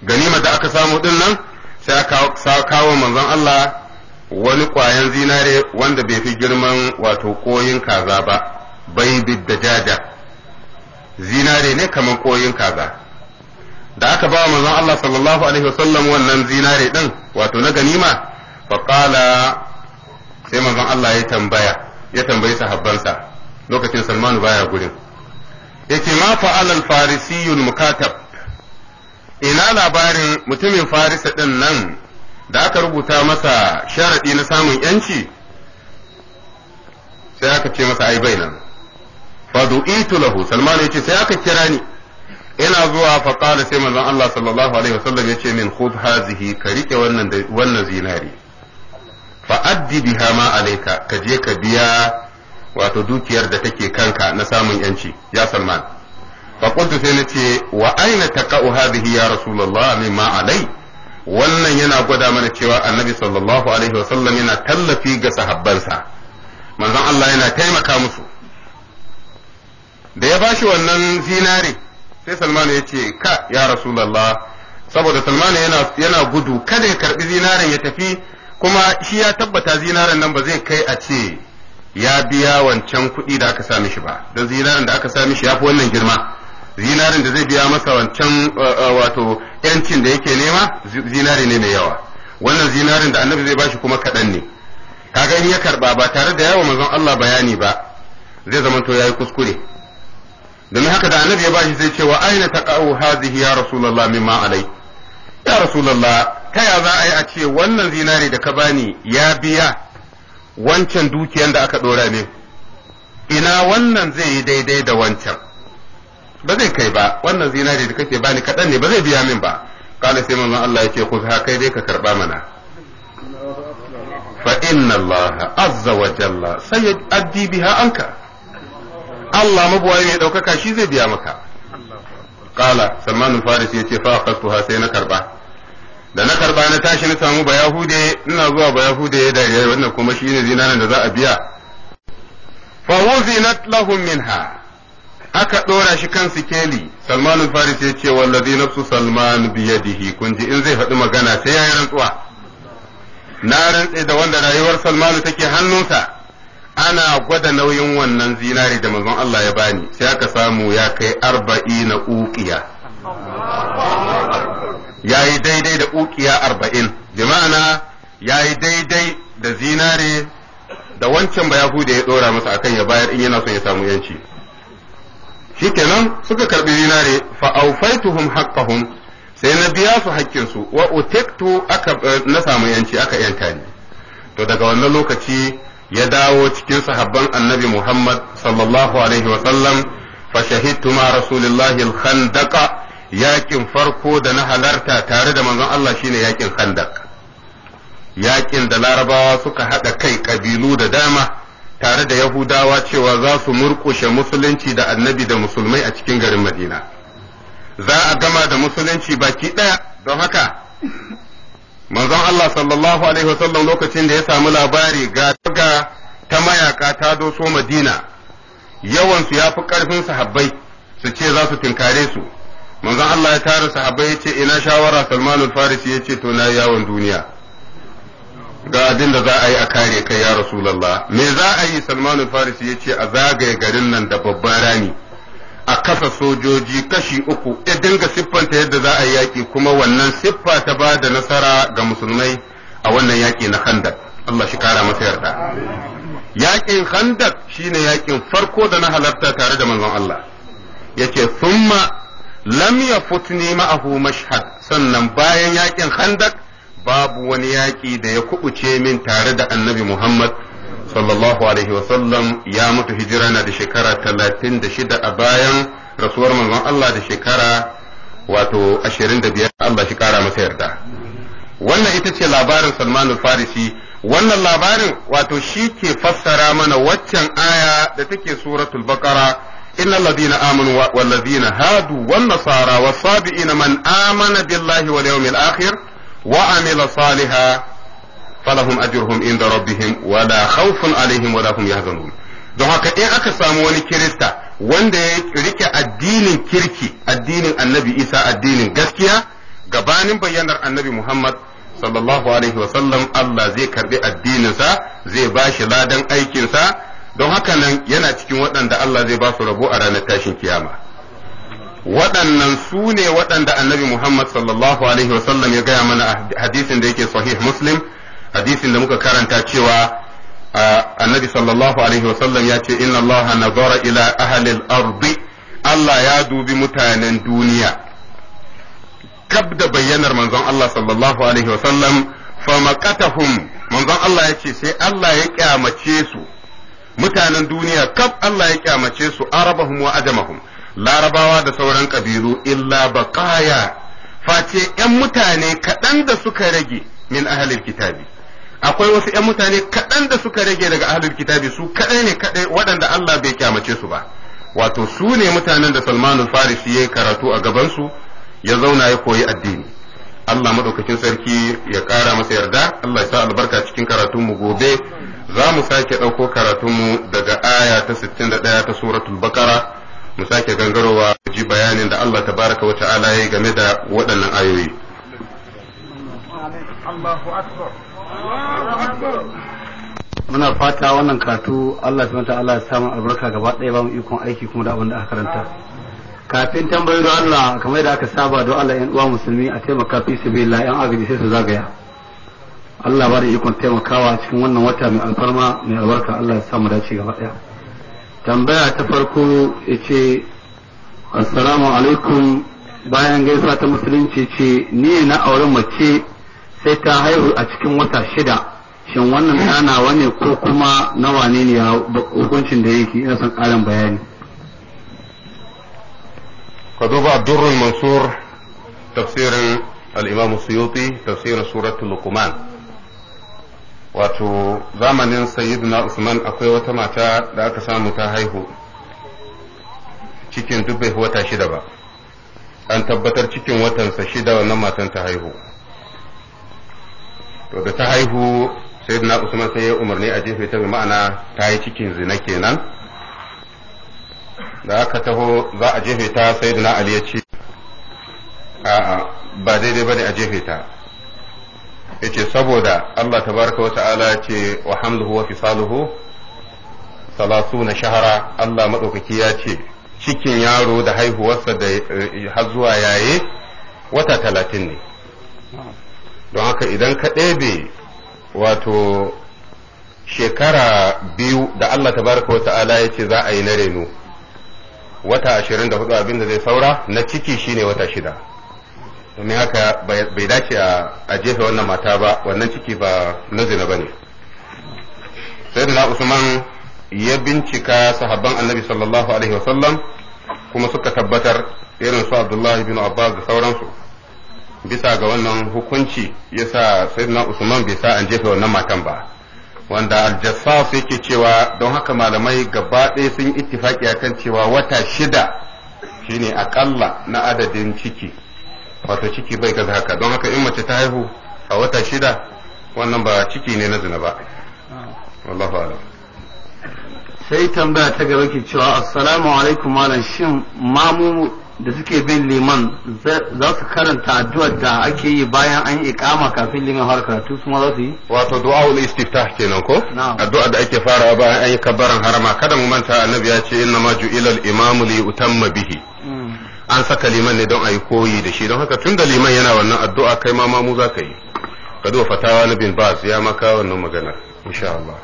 ganima da aka samu ɗin nan sai aka kawo manzon Allah wani ƙwayan zinare wanda bai fi girman wato koyin kaza ba bai da jaja zinare ne kamar koyin kaza da aka ba manzon Allah sallallahu alaihi wasallam wannan zinare ɗin wato na ganima kala sai manzon Allah ya tambaya ya tambayi sahabbansa lokacin salmanu baya gurin yace ma fa'alal farisiyun mukatab ina labarin mutumin farisa ɗin nan da aka rubuta masa sharaɗi na samun yanci sai aka ce masa ai bai nan Fadu du'itu lahu salmanu yace sai aka kira ni ina zuwa fa qala sai manzon Allah sallallahu alaihi wasallam ce min khudh hazihi ka rike wannan zinari Fa'addi biha ma alaika ka je ka biya wato dukiyar da take kanka na samun yanci ya salman fa qultu sai nace wa aina taqa'u hadhihi ya rasulullah mimma alai wannan yana gwada mana cewa annabi sallallahu alaihi wasallam yana tallafi ga sahabbansa manzon Allah yana taimaka musu da ya bashi wannan zinare sai salman ya ce ka ya rasulullah saboda salman yana yana gudu kada ya karbi zinaren ya tafi kuma shi ya tabbata zinaren nan ba zai kai a ce ya biya wancan kuɗi da aka sa mishi ba don zinarin da aka sa mishi ya fi wannan girma zinarin da zai biya masa wancan eh, eh, wato yancin da yake nema zinari ne mai yawa wannan zinarin da annabi zai bashi kuma kaɗan ne kaga in ya karba ba tare da yawa manzon Allah bayani ba zai zamanto yayi kuskure domin haka da annabi ya bashi zai ce wa aina taqau hadhihi ya rasulullah mimma alai ya rasulullah ta ya za a yi a ce wannan zinari da ka bani ya biya wancan dukiyan da aka ɗora ne ina wannan zai yi daidai da wancan ba zai kai ba wannan zinari da kake bani kaɗan ne ba zai biya min ba kala sai manzon Allah ya ce ku ha kai dai ka karɓa mana fa inna Allah azza wa jalla sai addi biha anka Allah mabuwaye ya ɗaukaka shi zai biya maka kala salmanul farisi ya ce fa aqastuha sai na karɓa da na karba na tashi na samu bayahude ina zuwa bayahude ya dariya wannan kuma shi ne zinanan da za a biya fa wuzinat lahum minha aka ɗora shi kan sikeli salman faris ya ce wallazi nafsu salman biyadihi kun ji in zai faɗi magana sai yayi yi rantsuwa na rantse da wanda rayuwar salmanu take hannunsa ana gwada nauyin wannan zinari da manzon Allah ya bani sai aka samu ya kai arba'i na uqiya ya yi daidai da ukiya arba'in jama'a ma'ana ya yi daidai da zinare da wancan ba da ya ɗora masa akan ya bayar in yana son ya samu yanci shikenan suka karɓi zinare fa aufaituhum haqqahum sai na biya su haƙƙinsu wa utektu aka na samu yanci aka yanta ni to daga wannan lokaci ya dawo cikin sahabban annabi Muhammad sallallahu alaihi wa sallam fa shahidtu ma rasulillahi al-khandaqa Yaƙin farko da na halarta tare da manzon Allah shine yaƙin Khandaq Yaƙin da larabawa suka haɗa kai ƙabilu da dama tare da yahudawa cewa za su murƙushe musulunci da annabi da musulmai a cikin garin madina za a gama da musulunci baki ɗaya don haka manzon Allah sallallahu alaihi wasallam lokacin da ya samu labari ga daga ta mayaka ta doso madina yawansu ya fi ƙarfin sahabbai su ce za su tinkare su manzon Allah ya tara sahabbai yace ina shawara Salman al-Farisi yace to na yawon duniya ga abin da za a yi a kare kai ya Rasulullah me za a yi Salman al-Farisi yace a zagaye garin nan da babban rami a kasa sojoji kashi uku ya dinga siffanta yadda za a yi yaƙi kuma wannan siffa ta ba da nasara ga musulmai a wannan yaƙi na khandak Allah shi kara masa yarda yaƙin khandak shine yaƙin farko da na halarta tare da manzon Allah yace summa lam yafutni ma'ahu mashhad sannan bayan yakin handak babu wani yaki da ya kubuce min tare da annabi Muhammad sallallahu alaihi sallam. ya mutu hijira na da shekara talatin da shida a bayan rasuwar manzon Allah da shekara wato ashirin da biyar Allah shi kara masa yarda wannan ita ce labarin Salman farisi wannan labarin wato shi ke fassara mana waccan aya da take suratul baqara innal ladina amanu wal ladina hadu wan nasara was sabiina man amana billahi wal yawmil akhir wa amila salihan falahum ajruhum inda rabbihim wala khawfun alaihim wala hum yahzanun don haka in aka samu wani kirista wanda ya rike addinin kirki addinin annabi isa addinin gaskiya gabanin bayyanar annabi muhammad sallallahu alaihi sallam Allah zai addinin sa zai bashi ladan aikinsa don haka nan yana cikin waɗanda Allah zai ba su rabo a ranar tashin kiyama waɗannan su ne waɗanda annabi Muhammad sallallahu alaihi wasallam ya gaya mana hadisin da yake sahih muslim hadisin da muka karanta cewa annabi sallallahu alaihi wasallam ya ce inna Allah nazara ila ahli al-ardi Allah ya dubi mutanen duniya kab da bayyanar manzon Allah sallallahu alaihi wasallam fa maqatahum manzon Allah ya ce sai Allah ya kyamace su mutanen duniya kaf Allah ya kyamace su arabahum wa ajamahum larabawa da sauran kabilu illa baqaya face ‘yan mutane kaɗan da suka rage min ahlil kitabi akwai wasu ‘yan mutane kaɗan da suka rage daga ahlil kitabi su kaɗai ne kaɗai waɗanda Allah bai kyamace su ba wato su ne mutanen da Salman farisi yayi karatu a gabansu ya zauna ya koyi addini Allah madaukakin sarki ya ƙara masa yarda Allah ya sa albarka cikin karatun mu gobe za mu sake ɗauko karatunmu daga aya ta 61 ta suratul bakara mu sake gangarowa ji bayanin da Allah tabaraka wa ta'ala ya game da waɗannan ayoyi muna fata wannan karatu Allah subhanahu ta'ala ya samu albarka gaba ɗaya ba mu ikon aiki kuma da abin da aka karanta kafin tambayoyi da Allah kamar da aka saba don Allah yan uwa musulmi a taimaka fi sabilillah yan agaji sai su zagaya Allah ba da taimakawa cikin wannan wata mai alfarma mai albarka Allah ya sa mu dace gaba daya tambaya ta farko yace assalamu alaikum bayan gaisa ta musulunci ce ni na auren mace sai ta haihu a cikin wata shida shin wannan ɗanawa ne ko kuma na wane ne hukuncin da yake ina son ƙarin bayani ka duba abdurrul mansur tafsirin al-imam suyuti tafsirin suratul luqman wato zamanin sayyidina usman akwai wata mata da aka samu ta haihu cikin duk bai wata shida ba an tabbatar cikin watansa shida wannan matan ta haihu to da ta haihu sayyidina usman sai ya umarni a jefe ta ma'ana ta yi cikin zina kenan da aka taho za a jefe ta sayyidina ali ya ce a'a ba daidai ba ne a jefe ta yace saboda Allah tabaraka wa ta'ala ce wa hamluhu wa fisaluhu salasuna shahara Allah madaukaki ya ce cikin yaro da haihuwarsa da eh, har zuwa yaye wata talatin ne don haka idan ka ɗebe wato shekara biyu da Allah tabaraka wa ta'ala ya ce za a yi na reno wata ashirin da hudu abinda zai saura na ciki shine wata shida domin haka bai dace a jefe wannan mata ba wannan ciki ba na zina ba ne sai da usman ya bincika sahabban annabi sallallahu alaihi wasallam kuma suka tabbatar irin su abdullahi bin abbas da sauransu bisa ga wannan hukunci yasa sa usman bai sa an jefe wannan matan ba wanda aljassas yake cewa don haka malamai gaba ɗaya sun ittifaki akan cewa wata shida shine akalla na adadin ciki wato ciki bai gaza haka don haka in mace ta haihu a wata shida wannan ba ciki ne na zina ba wallahu alam sai tambaya ta gaba ke cewa assalamu alaikum malam shin mamu da suke bin liman za su karanta addu'a da ake yi bayan an yi ikama kafin liman har karatu kuma za su yi wato ul istiftah kenan ko addu'a da ake farawa bayan an yi kabbaran harama kada mu manta annabi ya ce inna ma ju'ila al-imamu li utamma bihi an saka liman ne don a yi koyi da shi don haka tun da liman yana wannan addu'a kai ma mamu za ka yi ka duba fatawa na bin bas ya maka wannan magana insha Allah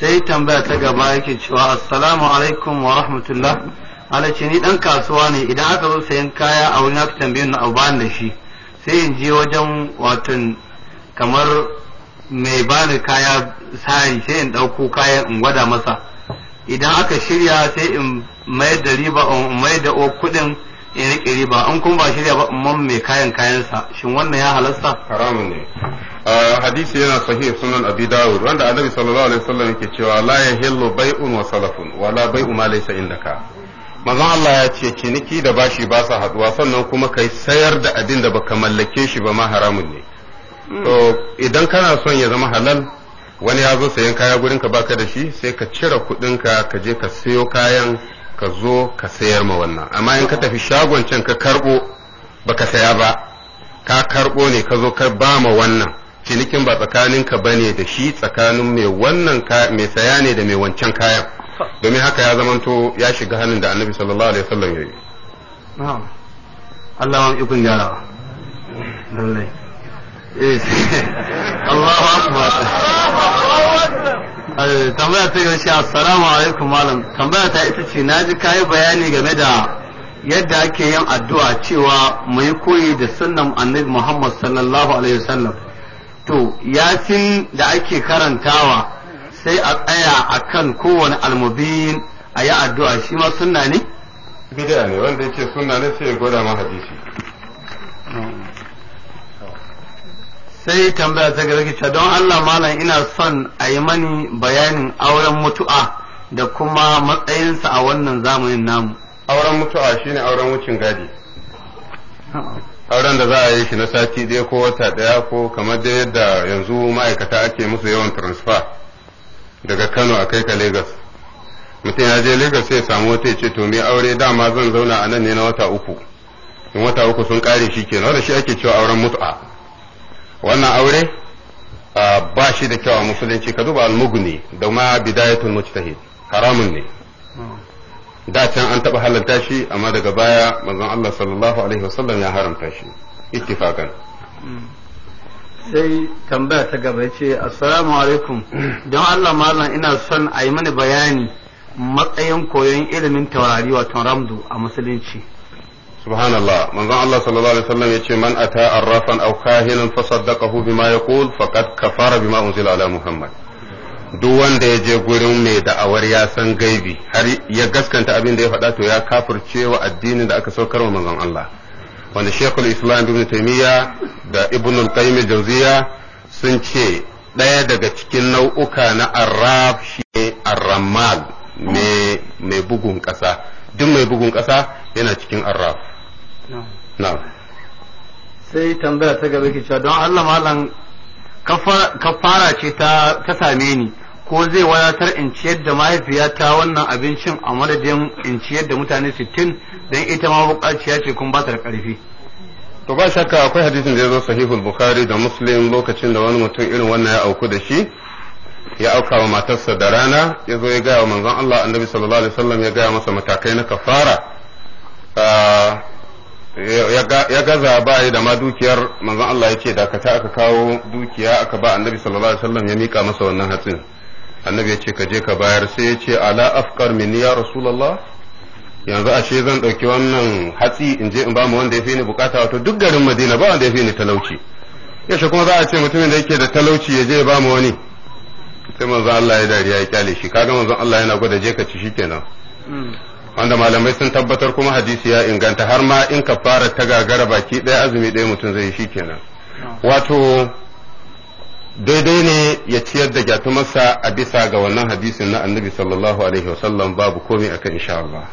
sai tambaya ta gaba yake cewa assalamu alaikum wa rahmatullah ce ni dan kasuwa ne idan aka zo sayan kaya a wurin aka tambaye ni abu da shi sai in je wajen watan kamar mai bani kaya sai sai in dauko kayan in gwada masa idan aka shirya sai in mai da riba mai da o kudin ya rike riba an kuma ba shirya ba man mai kayan kayansa shin wannan ya halasta haramun ne hadisi yana sahih sunan abi dawud wanda annabi sallallahu alaihi wasallam yake cewa la yahillu bai'un wa salafun wa la bai'u ma laysa indaka manzon Allah ya ce ciniki da bashi ba sa haduwa sannan kuma kai sayar da abin da baka mallake shi ba ma haramun ne hmm. to idan kana son ya zama halal wani ya zo sayan kaya gurinka baka da shi sai ka cire kudinka ka je ka sayo kayan ka zo ka sayar ma wannan amma in ka tafi shagon can ka karɓo ka saya ba ka karɓo ne ka zo ka ba ma wannan cinikin ba tsakaninka ba ne da shi tsakanin mai wannan mai saya ne da mai wancan kayan domin haka ya zamanto ya shiga hannun da annabi sallallahu alaihi wasallam ya yi Allah wani ikon gyarawa lallai eh. (laughs) Allahu akbar Eh, tambaya ta gaishe assalamu alaikum malam tambaya ta ita ce na ji kayi bayani game da yadda ake yin addu'a cewa mu yi koyi da sunnan annabi Muhammad sallallahu alaihi wasallam to yasin da ake karantawa sai a tsaya akan kowane almubin a yi addu'a shi ma sunna ne bid'a ne wanda yake sunna ne sai ya gwada ma hadisi hmm. sai tambaya ta ga ki don Allah malam ina son a yi mani bayanin auren mutu'a da kuma matsayinsa a wannan zamanin namu auren mutu'a shine auren wucin gadi auren da za a yi shi na sati ɗaya ko wata ɗaya ko kamar da yadda yanzu ma'aikata ake musu yawan transfer daga Kano a kai ka Lagos mutum ya je Lagos sai ya samu wata ya ce to me aure dama zan zauna a nan ne na wata uku in wata uku sun kare shi kenan da shi ake cewa auren mutu'a wannan aure ba shi da kyau a musulunci ka duba al-mughni da ma bidayatul mujtahid haramun ne hmm. da can an taba halalta shi amma daga baya manzon Allah sallallahu alaihi wasallam ya haramta shi ittifaqan hmm. sai tambaya ta gaba ce assalamu alaikum (clears throat) don Allah malam ina son a yi mani bayani matsayin koyon ilimin taurari wato ramdu a musulunci subhanallah manzon Allah sallallahu alaihi wasallam yace man ata arrafan aw kahinan fa saddaqahu bima yaqul faqad kafara bima unzila ala muhammad duk wanda ya je gurin mai da'awar ya san gaibi har ya gaskanta abin da ya faɗa to ya wa addinin da aka saukar wa manzon Allah wanda Sheikhul Islam Ibn Taymiyyah da Ibn Al-Qayyim Jawziya sun ce ɗaya daga cikin nau'uka na arraf shi ne arramal mai bugun ƙasa duk mai bugun ƙasa yana cikin arraf na'am sai tambaya ta gaba ke cewa don Allah malam kafara ce ta same ni ko zai wayatar in ciyar da mahaifiyata wannan abincin a madadin in ciyar da mutane sittin don ita ma bukaciya ce kuma ba da karfi to ba shakka akwai hadisin da ya zo sahihul bukhari da muslim lokacin da wani mutum irin wannan ya auku da shi ya auka wa matarsa da rana ya zo ya gaya wa manzon Allah annabi sallallahu alaihi wasallam ya gaya masa matakai na kafara ah, ya gaza ba da ma dukiyar manzon Allah ya ce dakata aka kawo dukiya aka ba annabi sallallahu alaihi wasallam ya mika masa wannan hatsin annabi ya ce ka je ka bayar sai ya ce ala afkar min ya rasulullah yanzu ashe zan ɗauki wannan hatsi in je in ba mu wanda ya fi ni bukata wato duk garin madina ba wanda ya fi ni talauci yaushe kuma za a ce mutumin da yake da talauci ya je ya ba mu wani sai manzon Allah ya dariya ya kyale shi kaga manzon Allah yana gwada je ka ci shikenan hmm. wanda malamai sun tabbatar kuma hadisi ya inganta har ma in ka fara ta gagara baki ɗaya azumi ɗaya mutum zai shi kenan wato daidai ne ya ciyar da gyatumarsa a bisa ga wannan hadisin na annabi sallallahu alaihi wasallam babu komai kan insha Allah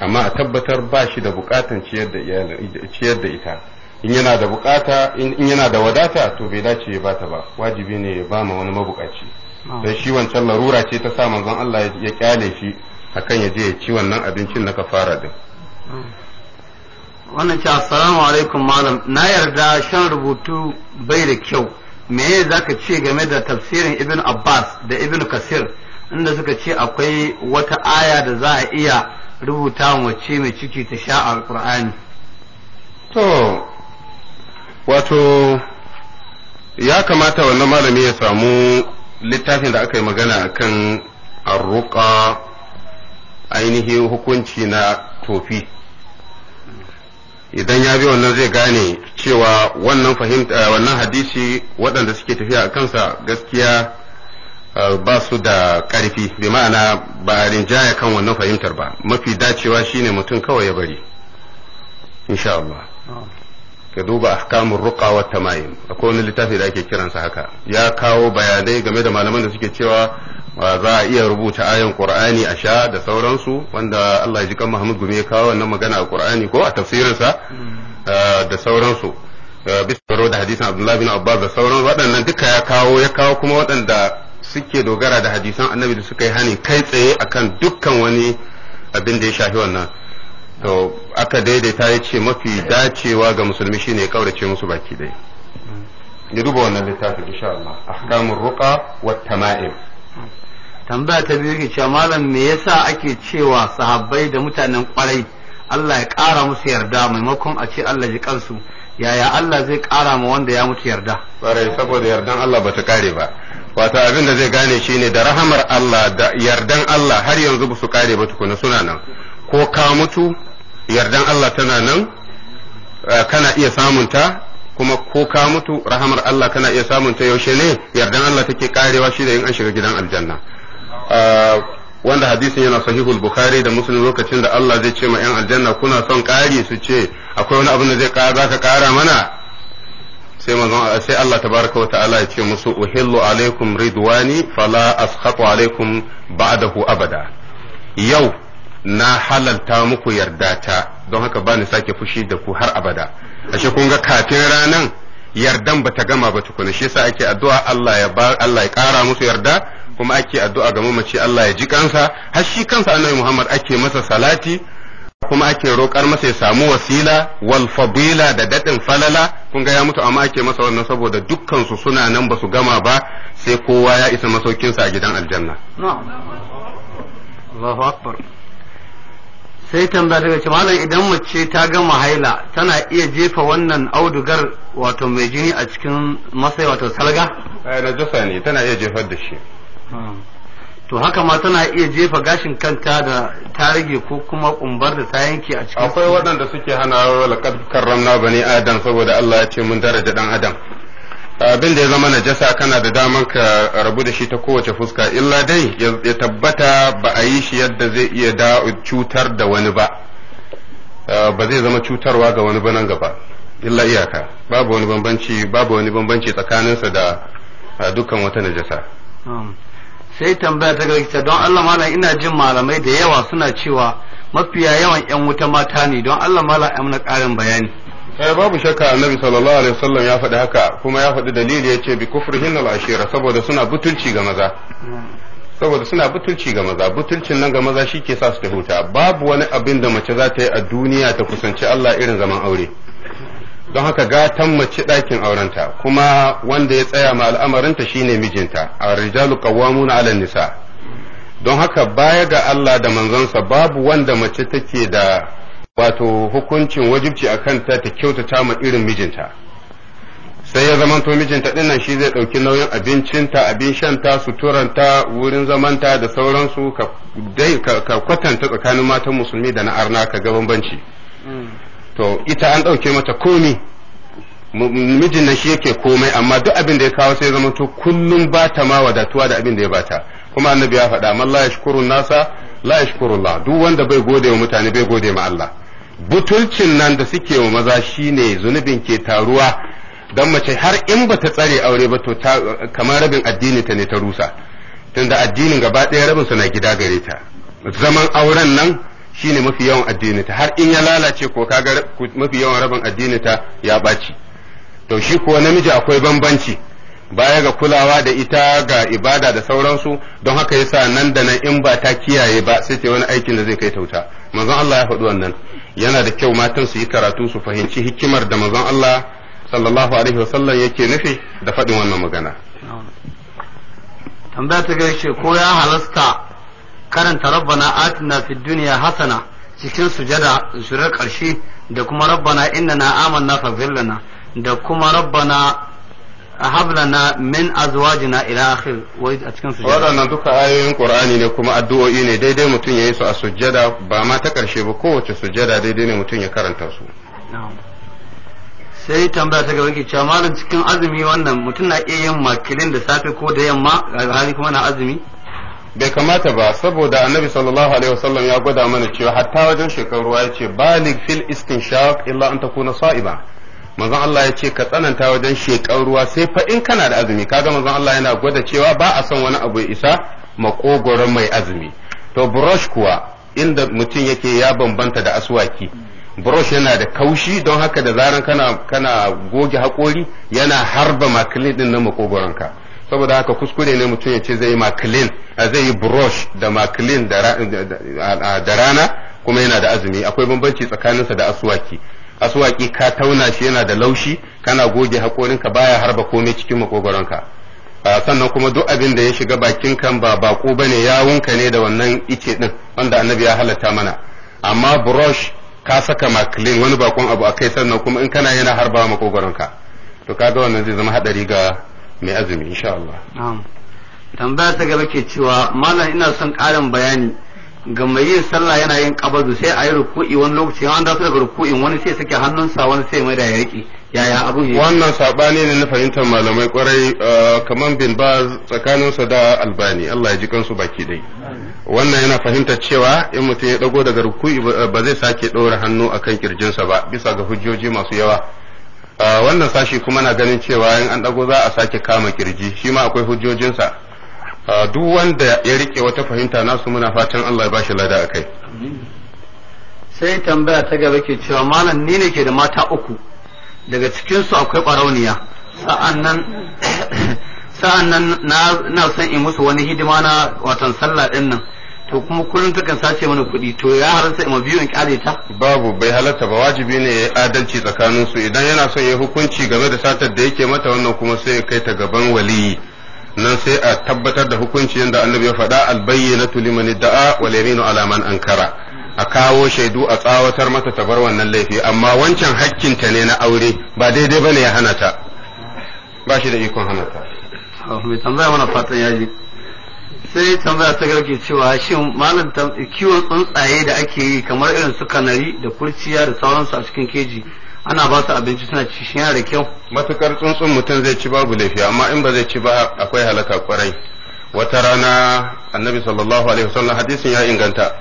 amma a tabbatar ba shi da bukatan ciyar da ita in yana da bukata in yana da wadata to bai dace ya bata ba wajibi ne ya ba ma wani mabukaci dan shi wancan larura ce ta sa manzon Allah ya kyale shi akan ya je ya ci wannan abincin na kafara din wannan ce assalamu alaikum malam na yarda shan rubutu bai da kyau me zaka ce game da tafsirin ibn abbas da ibn kasir inda suka ce akwai wata aya da za a iya rubuta mace mai ciki ta sha alkur'ani to wato ya kamata wannan malami ya samu littafin da aka yi magana akan arruka ainihin hukunci na tofi idan ya bi wannan zai gane cewa wannan fahimta eh, wannan hadisi waɗanda suke tafiya a kansa gaskiya eh, ba su da ƙarfi bi ma'ana ba rinjaya kan wannan fahimtar ba mafi dacewa shine mutum kawai ya bari insha Allah ka duba ahkamur ruqa wa tamayim akwai wani littafi da ake kiransa haka ya kawo bayanai game da malaman da suke cewa za a iya rubuta ayan qur'ani a sha da sauransu wanda Allah ya ji kan Muhammad Gume kawo wannan magana a qur'ani ko a tafsirinsa hmm. eh, da sauransu eh, bisa da hadisin Abdullah bin Abbas da sauran waɗannan duka ya kawo ya kawo kuma waɗanda suke dogara da hadisan annabi da suka yi hani kai tsaye akan dukkan wani abin da ya shafi wannan to aka daidaita ya ce mafi dacewa ga musulmi shine ya kaurace musu baki dai hmm. ya duba wannan littafin insha Allah ahkamur ruqa wat tama'im hmm. tambaya ta biyu ke cewa malam me yasa ake cewa sahabbai da mutanen kwarai Allah ya ƙara musu yarda maimakon a ce Allah ji kansu yaya Allah zai ƙara ma wanda ya mutu yarda kwarai saboda yardan Allah bata kare ba wato abin da zai gane shine da rahamar Allah da yardan Allah har yanzu ba su kare ba tukuna suna nan ko ka mutu yardan Allah tana nan kana iya samunta kuma ko ka mutu rahamar Allah kana iya samunta yaushe ne yardan Allah take karewa shi da in an shiga gidan aljanna wanda hadisin yana sahihul bukhari da muslim lokacin da Allah zai ce ma yan aljanna kuna son ƙari su ce akwai wani abin da zai ƙara zaka ƙara mana sai manzon sai Allah tabaraka wata'ala ya ce musu uhillu alaikum ridwani fala askhatu alaikum ba'dahu abada yau na halalta muku yarda ta don haka bani sake fushi da ku har abada ashe kun ga kafin ranan yardan bata gama ba tukuna shi yasa ake addu'a Allah ya ba Allah ya kara musu yarda kuma ake addu'a ga mamaci Allah ya ji kansa har shi kansa annabi Muhammad ake masa salati kuma ake roƙar masa ya samu wasila wal fadila da daɗin falala kun ga ya mutu amma ake masa wannan saboda dukkan su suna nan ba su gama ba sai kowa ya isa masaukinsa a gidan aljanna Allahu akbar sai tambaya daga ce malam idan mace ta gama haila tana iya jefa wannan audugar wato mai jini a cikin masai wato salga? Na eh, najasa ne tana iya jefar da shi. to haka ma tana iya jefa gashin kanta da ta rage ko kuma kumbar da ta yanke a cikin akwai waɗanda suke hana laqad karramna bani adam saboda Allah ya ce mun daraja dan adam abin da ya zama najasa kana da daman ka rabu da shi ta kowace fuska illa dai ya tabbata ba a yi shi yadda zai iya da cutar da wani ba ah, ba zai zama cutarwa ga wani ba nan gaba illa iyaka babu wani bambanci babu wani bambanci tsakaninsa da ah, dukkan wata najasa sai tambaya ta gaba don Allah malam ina jin malamai da yawa suna cewa mafiya yawan yan wuta mata ne don Allah malam ai karin bayani eh babu shakka annabi sallallahu alaihi wasallam ya faɗi haka kuma ya faɗi dalili yace bi kufrihin al-ashira saboda suna butulci ga maza saboda suna butulci ga maza butulcin nan ga maza shi ke sa su ta huta babu wani abin da mace za ta yi a duniya ta kusanci Allah irin zaman aure don haka gatan mace ɗakin aurenta kuma wanda ya tsaya ma al'amarinta shine mijinta a rijalu na 'ala nisa don haka baya ga Allah da manzonsa babu wanda mace take da wato hukuncin wajibci a kanta ta kyautata ma irin mijinta sai ya zamanto mijinta dinnan shi zai ɗauki nauyin abincinta abin shanta suturanta wurin zamanta da sauransu ka kwatanta tsakanin matan musulmi da na arna ka ga bambanci mm. to ita an ɗauke mata komi mijin nan shi yake komai amma duk abin da ya kawo sai zama to kullum ba ta ma wadatuwa da abin da ya bata kuma annabi ya faɗa amma la yashkuru nasa la yashkuru Allah duk wanda bai gode wa mutane bai gode ma Allah butulcin nan da suke wa maza shine zunubin ke taruwa dan mace har in bata tsare aure ba to kamar rabin addini ta ne ta rusa tunda addinin gaba ɗaya rabin su na gida gare ta zaman auren nan shine mafi yawan addininta har in ya lalace ko kaga mafi yawan rabin ta ya ɓaci to shi ko namiji akwai bambanci baya ga kulawa da ita ga ibada da sauransu don haka yasa nan da nan in ba ta kiyaye ba sai ta wani aikin da zai kai tauta manzon Allah ya faɗi wannan yana da kyau matan su yi karatu su fahimci hikimar da manzon Allah sallallahu alaihi wasallam yake nufi da faɗin wannan magana tambaya ta gaishe ko ya halasta karanta rabbana atina fid dunya hasana cikin sujada surar karshe da kuma rabbana innana amanna faghfir lana da kuma rabbana hab min azwajina ila akhir wa a cikin sujada waɗannan duka ayoyin qur'ani ne kuma addu'o'i ne daidai mutum yayi su a sujada ba ma ta karshe ba kowace sujada daidai ne mutum ya karanta su sai tambaya ta gaba ke cewa malam cikin azumi wannan mutum na iya yin makilin da safe ko da yamma hali kuma na azumi bai kamata ba saboda annabi sallallahu alaihi wasallam ya gwada mana cewa hatta wajen shekaru ya ce balig fil istinshaq illa an takuna sa'iba manzon Allah ya ce ka tsananta wajen shekaru ruwa sai fa in kana da azumi kaga manzon Allah yana gwada cewa ba a son wani abu ya isa makogwaro mai azumi to brush kuwa inda mutum yake ya bambanta da aswaki brush yana da kaushi don haka da zaran kana kana goge haƙori yana harba makilin din na makogoronka saboda haka kuskure ne mutum ya ce zai yi a zai yi brush da maklin da rana kuma yana da azumi akwai bambanci tsakaninsa da asuwaki asuwaki ka tauna shi yana da laushi kana goge haƙorinka baya harba komai cikin makogoronka sannan kuma duk abin da ya shiga bakin kan ba bako bane ya wunka ne da wannan ice din wanda annabi ya halatta mana amma brush ka saka makilin wani bakon abu a kai sannan kuma in kana yana harba makogoronka to kaga wannan zai zama hadari ga mai azumi insha Allah tambaya ta gaba ke cewa malam ina son ƙarin bayani ga mai yin sallah yana yin kabadu sai a yi ruku'i wani lokaci an da su daga ruku'in wani sai sake hannunsa wani sai mai da ya riƙe yaya abu ne. wannan sabani ne na fahimtar malamai kwarai eh, kamar bin ba tsakaninsa da albani Allah ya ji kansu baki dai wannan yana fahimtar cewa in mutum ya dago daga ruku'i ba zai sake ɗora hannu akan kirjinsa ba bisa ga hujjoji masu yawa wannan sashi kuma na ganin cewa in an dago za a sake kama kirji shi ma akwai hujjojinsa duk wanda ya rike wata fahimta nasu muna fatan Allah ya bashi lada akai sai tambaya ta gaba ke cewa malam ni ne ke da mata uku daga cikinsu akwai ɓarauniya sa'annan (coughs) na son in musu wani hidima na watan sallah ɗin nan to kuma kullum takan sace mana kuɗi to ya halarta ima biyu in ta babu bai halarta ba wajibi ne ya adalci tsakanin su idan yana son ya hukunci game da satar da yake mata wannan kuma sai ya kai ta gaban waliyi nan sai a tabbatar da hukunci yadda annabi ya faɗa na tulimani da'a wal yaminu ala man ankara a kawo shaidu a tsawatar mata ta bar wannan laifi amma wancan hakkinta ne na aure ba daidai bane ya hana ta ba shi da ikon hana ta mai tambaya mana fatan yaji sai tambaya ta garke cewa shin malam kiwon tsuntsaye da ake yi kamar irin su kanari da kurciya da sauransu a cikin keji ana ba su abinci suna ci shi yana da kyau matukar tsuntsun mutum zai ci babu laifi amma in ba zai ci ba akwai halaka kwarai wata rana annabi sallallahu alaihi wasallam hadisin ya inganta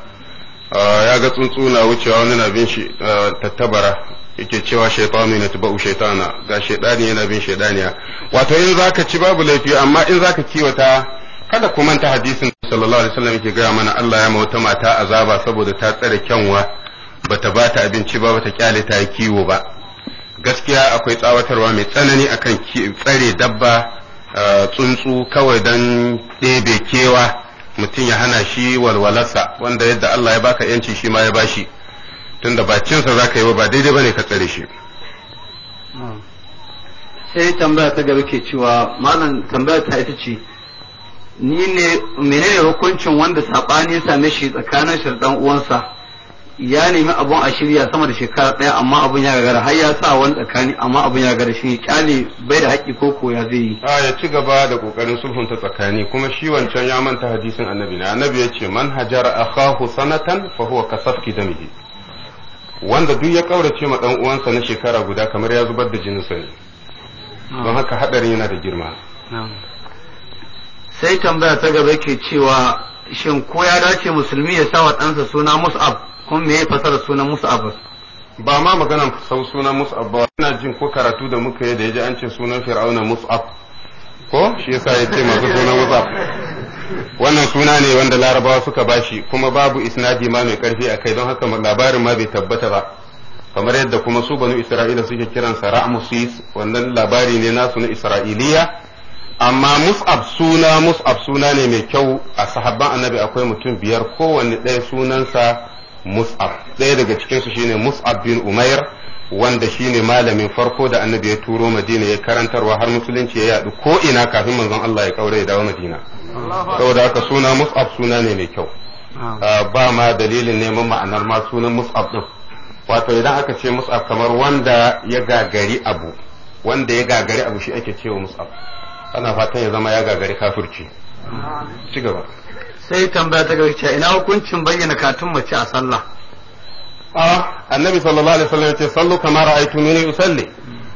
ah, ya ga tsuntsu na wucewa wani na bin shi ah, tattabara yake cewa shaitanu ne tuba shaitana ga shaitani yana bin shaitaniya wato in zaka ci babu laifi amma in zaka kiwata kada ku manta hadisin sallallahu alaihi wasallam yake gaya mana Allah ya wata mata azaba saboda ta tsare kyanwa bata bata abinci ba bata kyale ta kiwo ba gaskiya akwai tsawatarwa mai tsanani akan tsare dabba tsuntsu kawai don ɗebe kewa mutum ya hana shi walwalarsa wanda yadda Allah ya baka yanci shi ma ya bashi tunda ba cinsa za ka yi ba daidai bane ka tsare shi sai tambaya ta gaba ke cewa malam tambaya ta ita ce ni ne ne hukuncin wanda sabani same shi tsakanin shi dan uwansa ya nemi abun a shirya sama da shekara ɗaya amma abun ya gagara har ya sa wani tsakani amma abun ya gagara shi kyale bai da haƙƙi ko koya zai yi a ya ci gaba da kokarin sulhunta tsakani kuma shi wancan ya manta hadisin annabi na annabi ya ce man hajara sanatan fa huwa kasafki damihi wanda duk ya ƙaurace ma ɗan uwansa na shekara guda kamar ya zubar da sa ne don haka hadarin yana da girma sai tambaya ta gaba ke cewa shin ko ya dace musulmi ya sa wa ɗansa suna mus'ab kuma me fasara sunan mus'ab ba ma magana sau sunan mus'ab ba ina jin ko karatu da muka yi da ya ji an ce sunan fir'auna mus'ab ko shi yasa ya ce masu sunan mus'ab wannan suna ne wanda larabawa suka bashi kuma babu isnadi ma mai karfi a kai don haka labarin ma bai tabbata ba kamar yadda kuma su banu isra'ila suke kiransa ra'musis wannan labari ne nasu na isra'iliya amma mus'ab suna mus'ab suna ne mai kyau a sahabban annabi akwai mutum biyar kowanne ɗaya sunansa mus'ab ɗaya daga cikinsu shine mus'ab bin umair wanda shine malamin farko da annabi ya turo madina ya karantarwa har musulunci ya yadu ko ina kafin manzon Allah ya kaure ya dawo madina saboda haka suna mus'ab suna ne mai kyau ah, ba ma dalilin neman ma'anar ma sunan mus'ab din wato idan aka ce mus'ab kamar wanda ya gagari abu wanda ya gagari abu shi ake cewa mus'ab ana fatan ya zama ya gagari kafirci ci gaba sai tambaya ta ce ina hukuncin bayyana katun mace a sallah a annabi sallallahu alaihi wasallam ce sallu kama ra'aytu ne usalli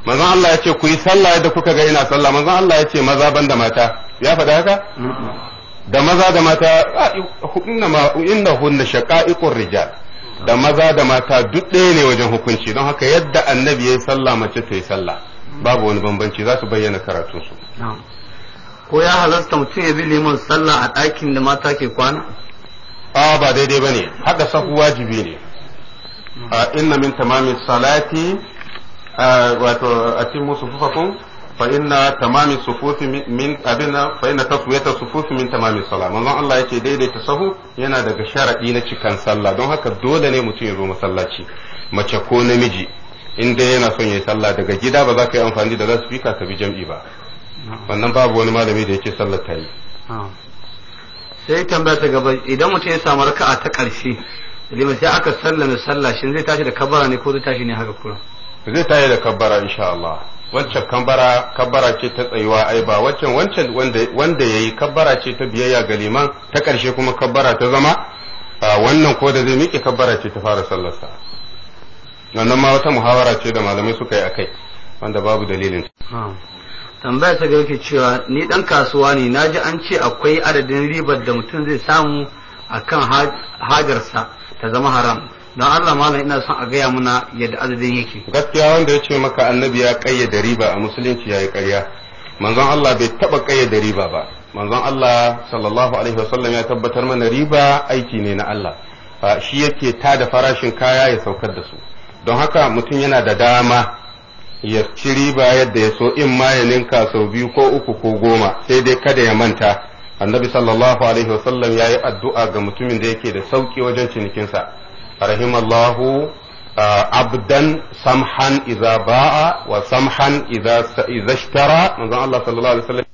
manzon Allah yace ku yi sallah yadda kuka ga ina sallah manzon Allah yace maza banda mata ya faɗa haka da maza da mata inna hunna shaqa'iqur rijal da maza da mata duk ɗaya ne wajen hukunci don haka yadda annabi yi sallah mace ta yi sallah babu wani bambanci za su bayyana karatunsu ko ya halasta mutum ya bi liman sallah a ɗakin da mata ke kwana a ba daidai ba ne haɗa sahu wajibi ne a inna min tamamin salati wato a cin musu fufafun fa inna tamamin sufufi min abinna fa inna taswiyata sufufi min tamamin sala manzon Allah yake daidaita sahu yana daga sharadi na cikan sallah don haka dole ne mutum ya zo masallaci mace ko namiji in dai yana son yi sallah daga gida ba za ka yi amfani da laspika ka bi jam'i ba wannan babu wani malami da yake sallar ta yi sai tambaya ta gaba idan mutum ya samu raka'a ta ƙarshe limin sai aka sallame sallah shin zai tashi da kabbara ne ko zai tashi ne haka kura zai tashi da kabbara insha Allah wancan kabbara kabbara ce ta tsayuwa ai ba wancan wancan wanda ya yayi kabbara ce ta biyayya ga liman ta ƙarshe kuma kabbara ta zama wannan ko da zai miƙe kabbara ce ta fara sallarsa wannan ma wata muhawara ce da malamai suka yi akai wanda babu dalilin ah. tambaya ta yake cewa ni dan kasuwa ne na ji an ce akwai adadin ribar da mutum zai samu a kan hajarsa ta zama haram don Allah malam ina son a gaya muna yadda adadin yake gaskiya wanda ya ce maka annabi ya kayyade riba a musulunci ya yi karya manzon Allah bai taba kayyade riba ba manzon Allah sallallahu alaihi wasallam ya tabbatar mana riba aiki ne na Allah shi yake tada farashin kaya ya saukar da su don haka mutum yana da dama ya ci riba yadda ya so in ma ya ninka sau biyu ko uku ko goma sai dai kada ya manta annabi sallallahu alaihi wasallam ya yi addu'a ga mutumin da yake da sauki wajen cinikinsa rahimallahu abdan samhan iza ba'a wa samhan iza ishtara manzon Allah sallallahu alaihi wasallam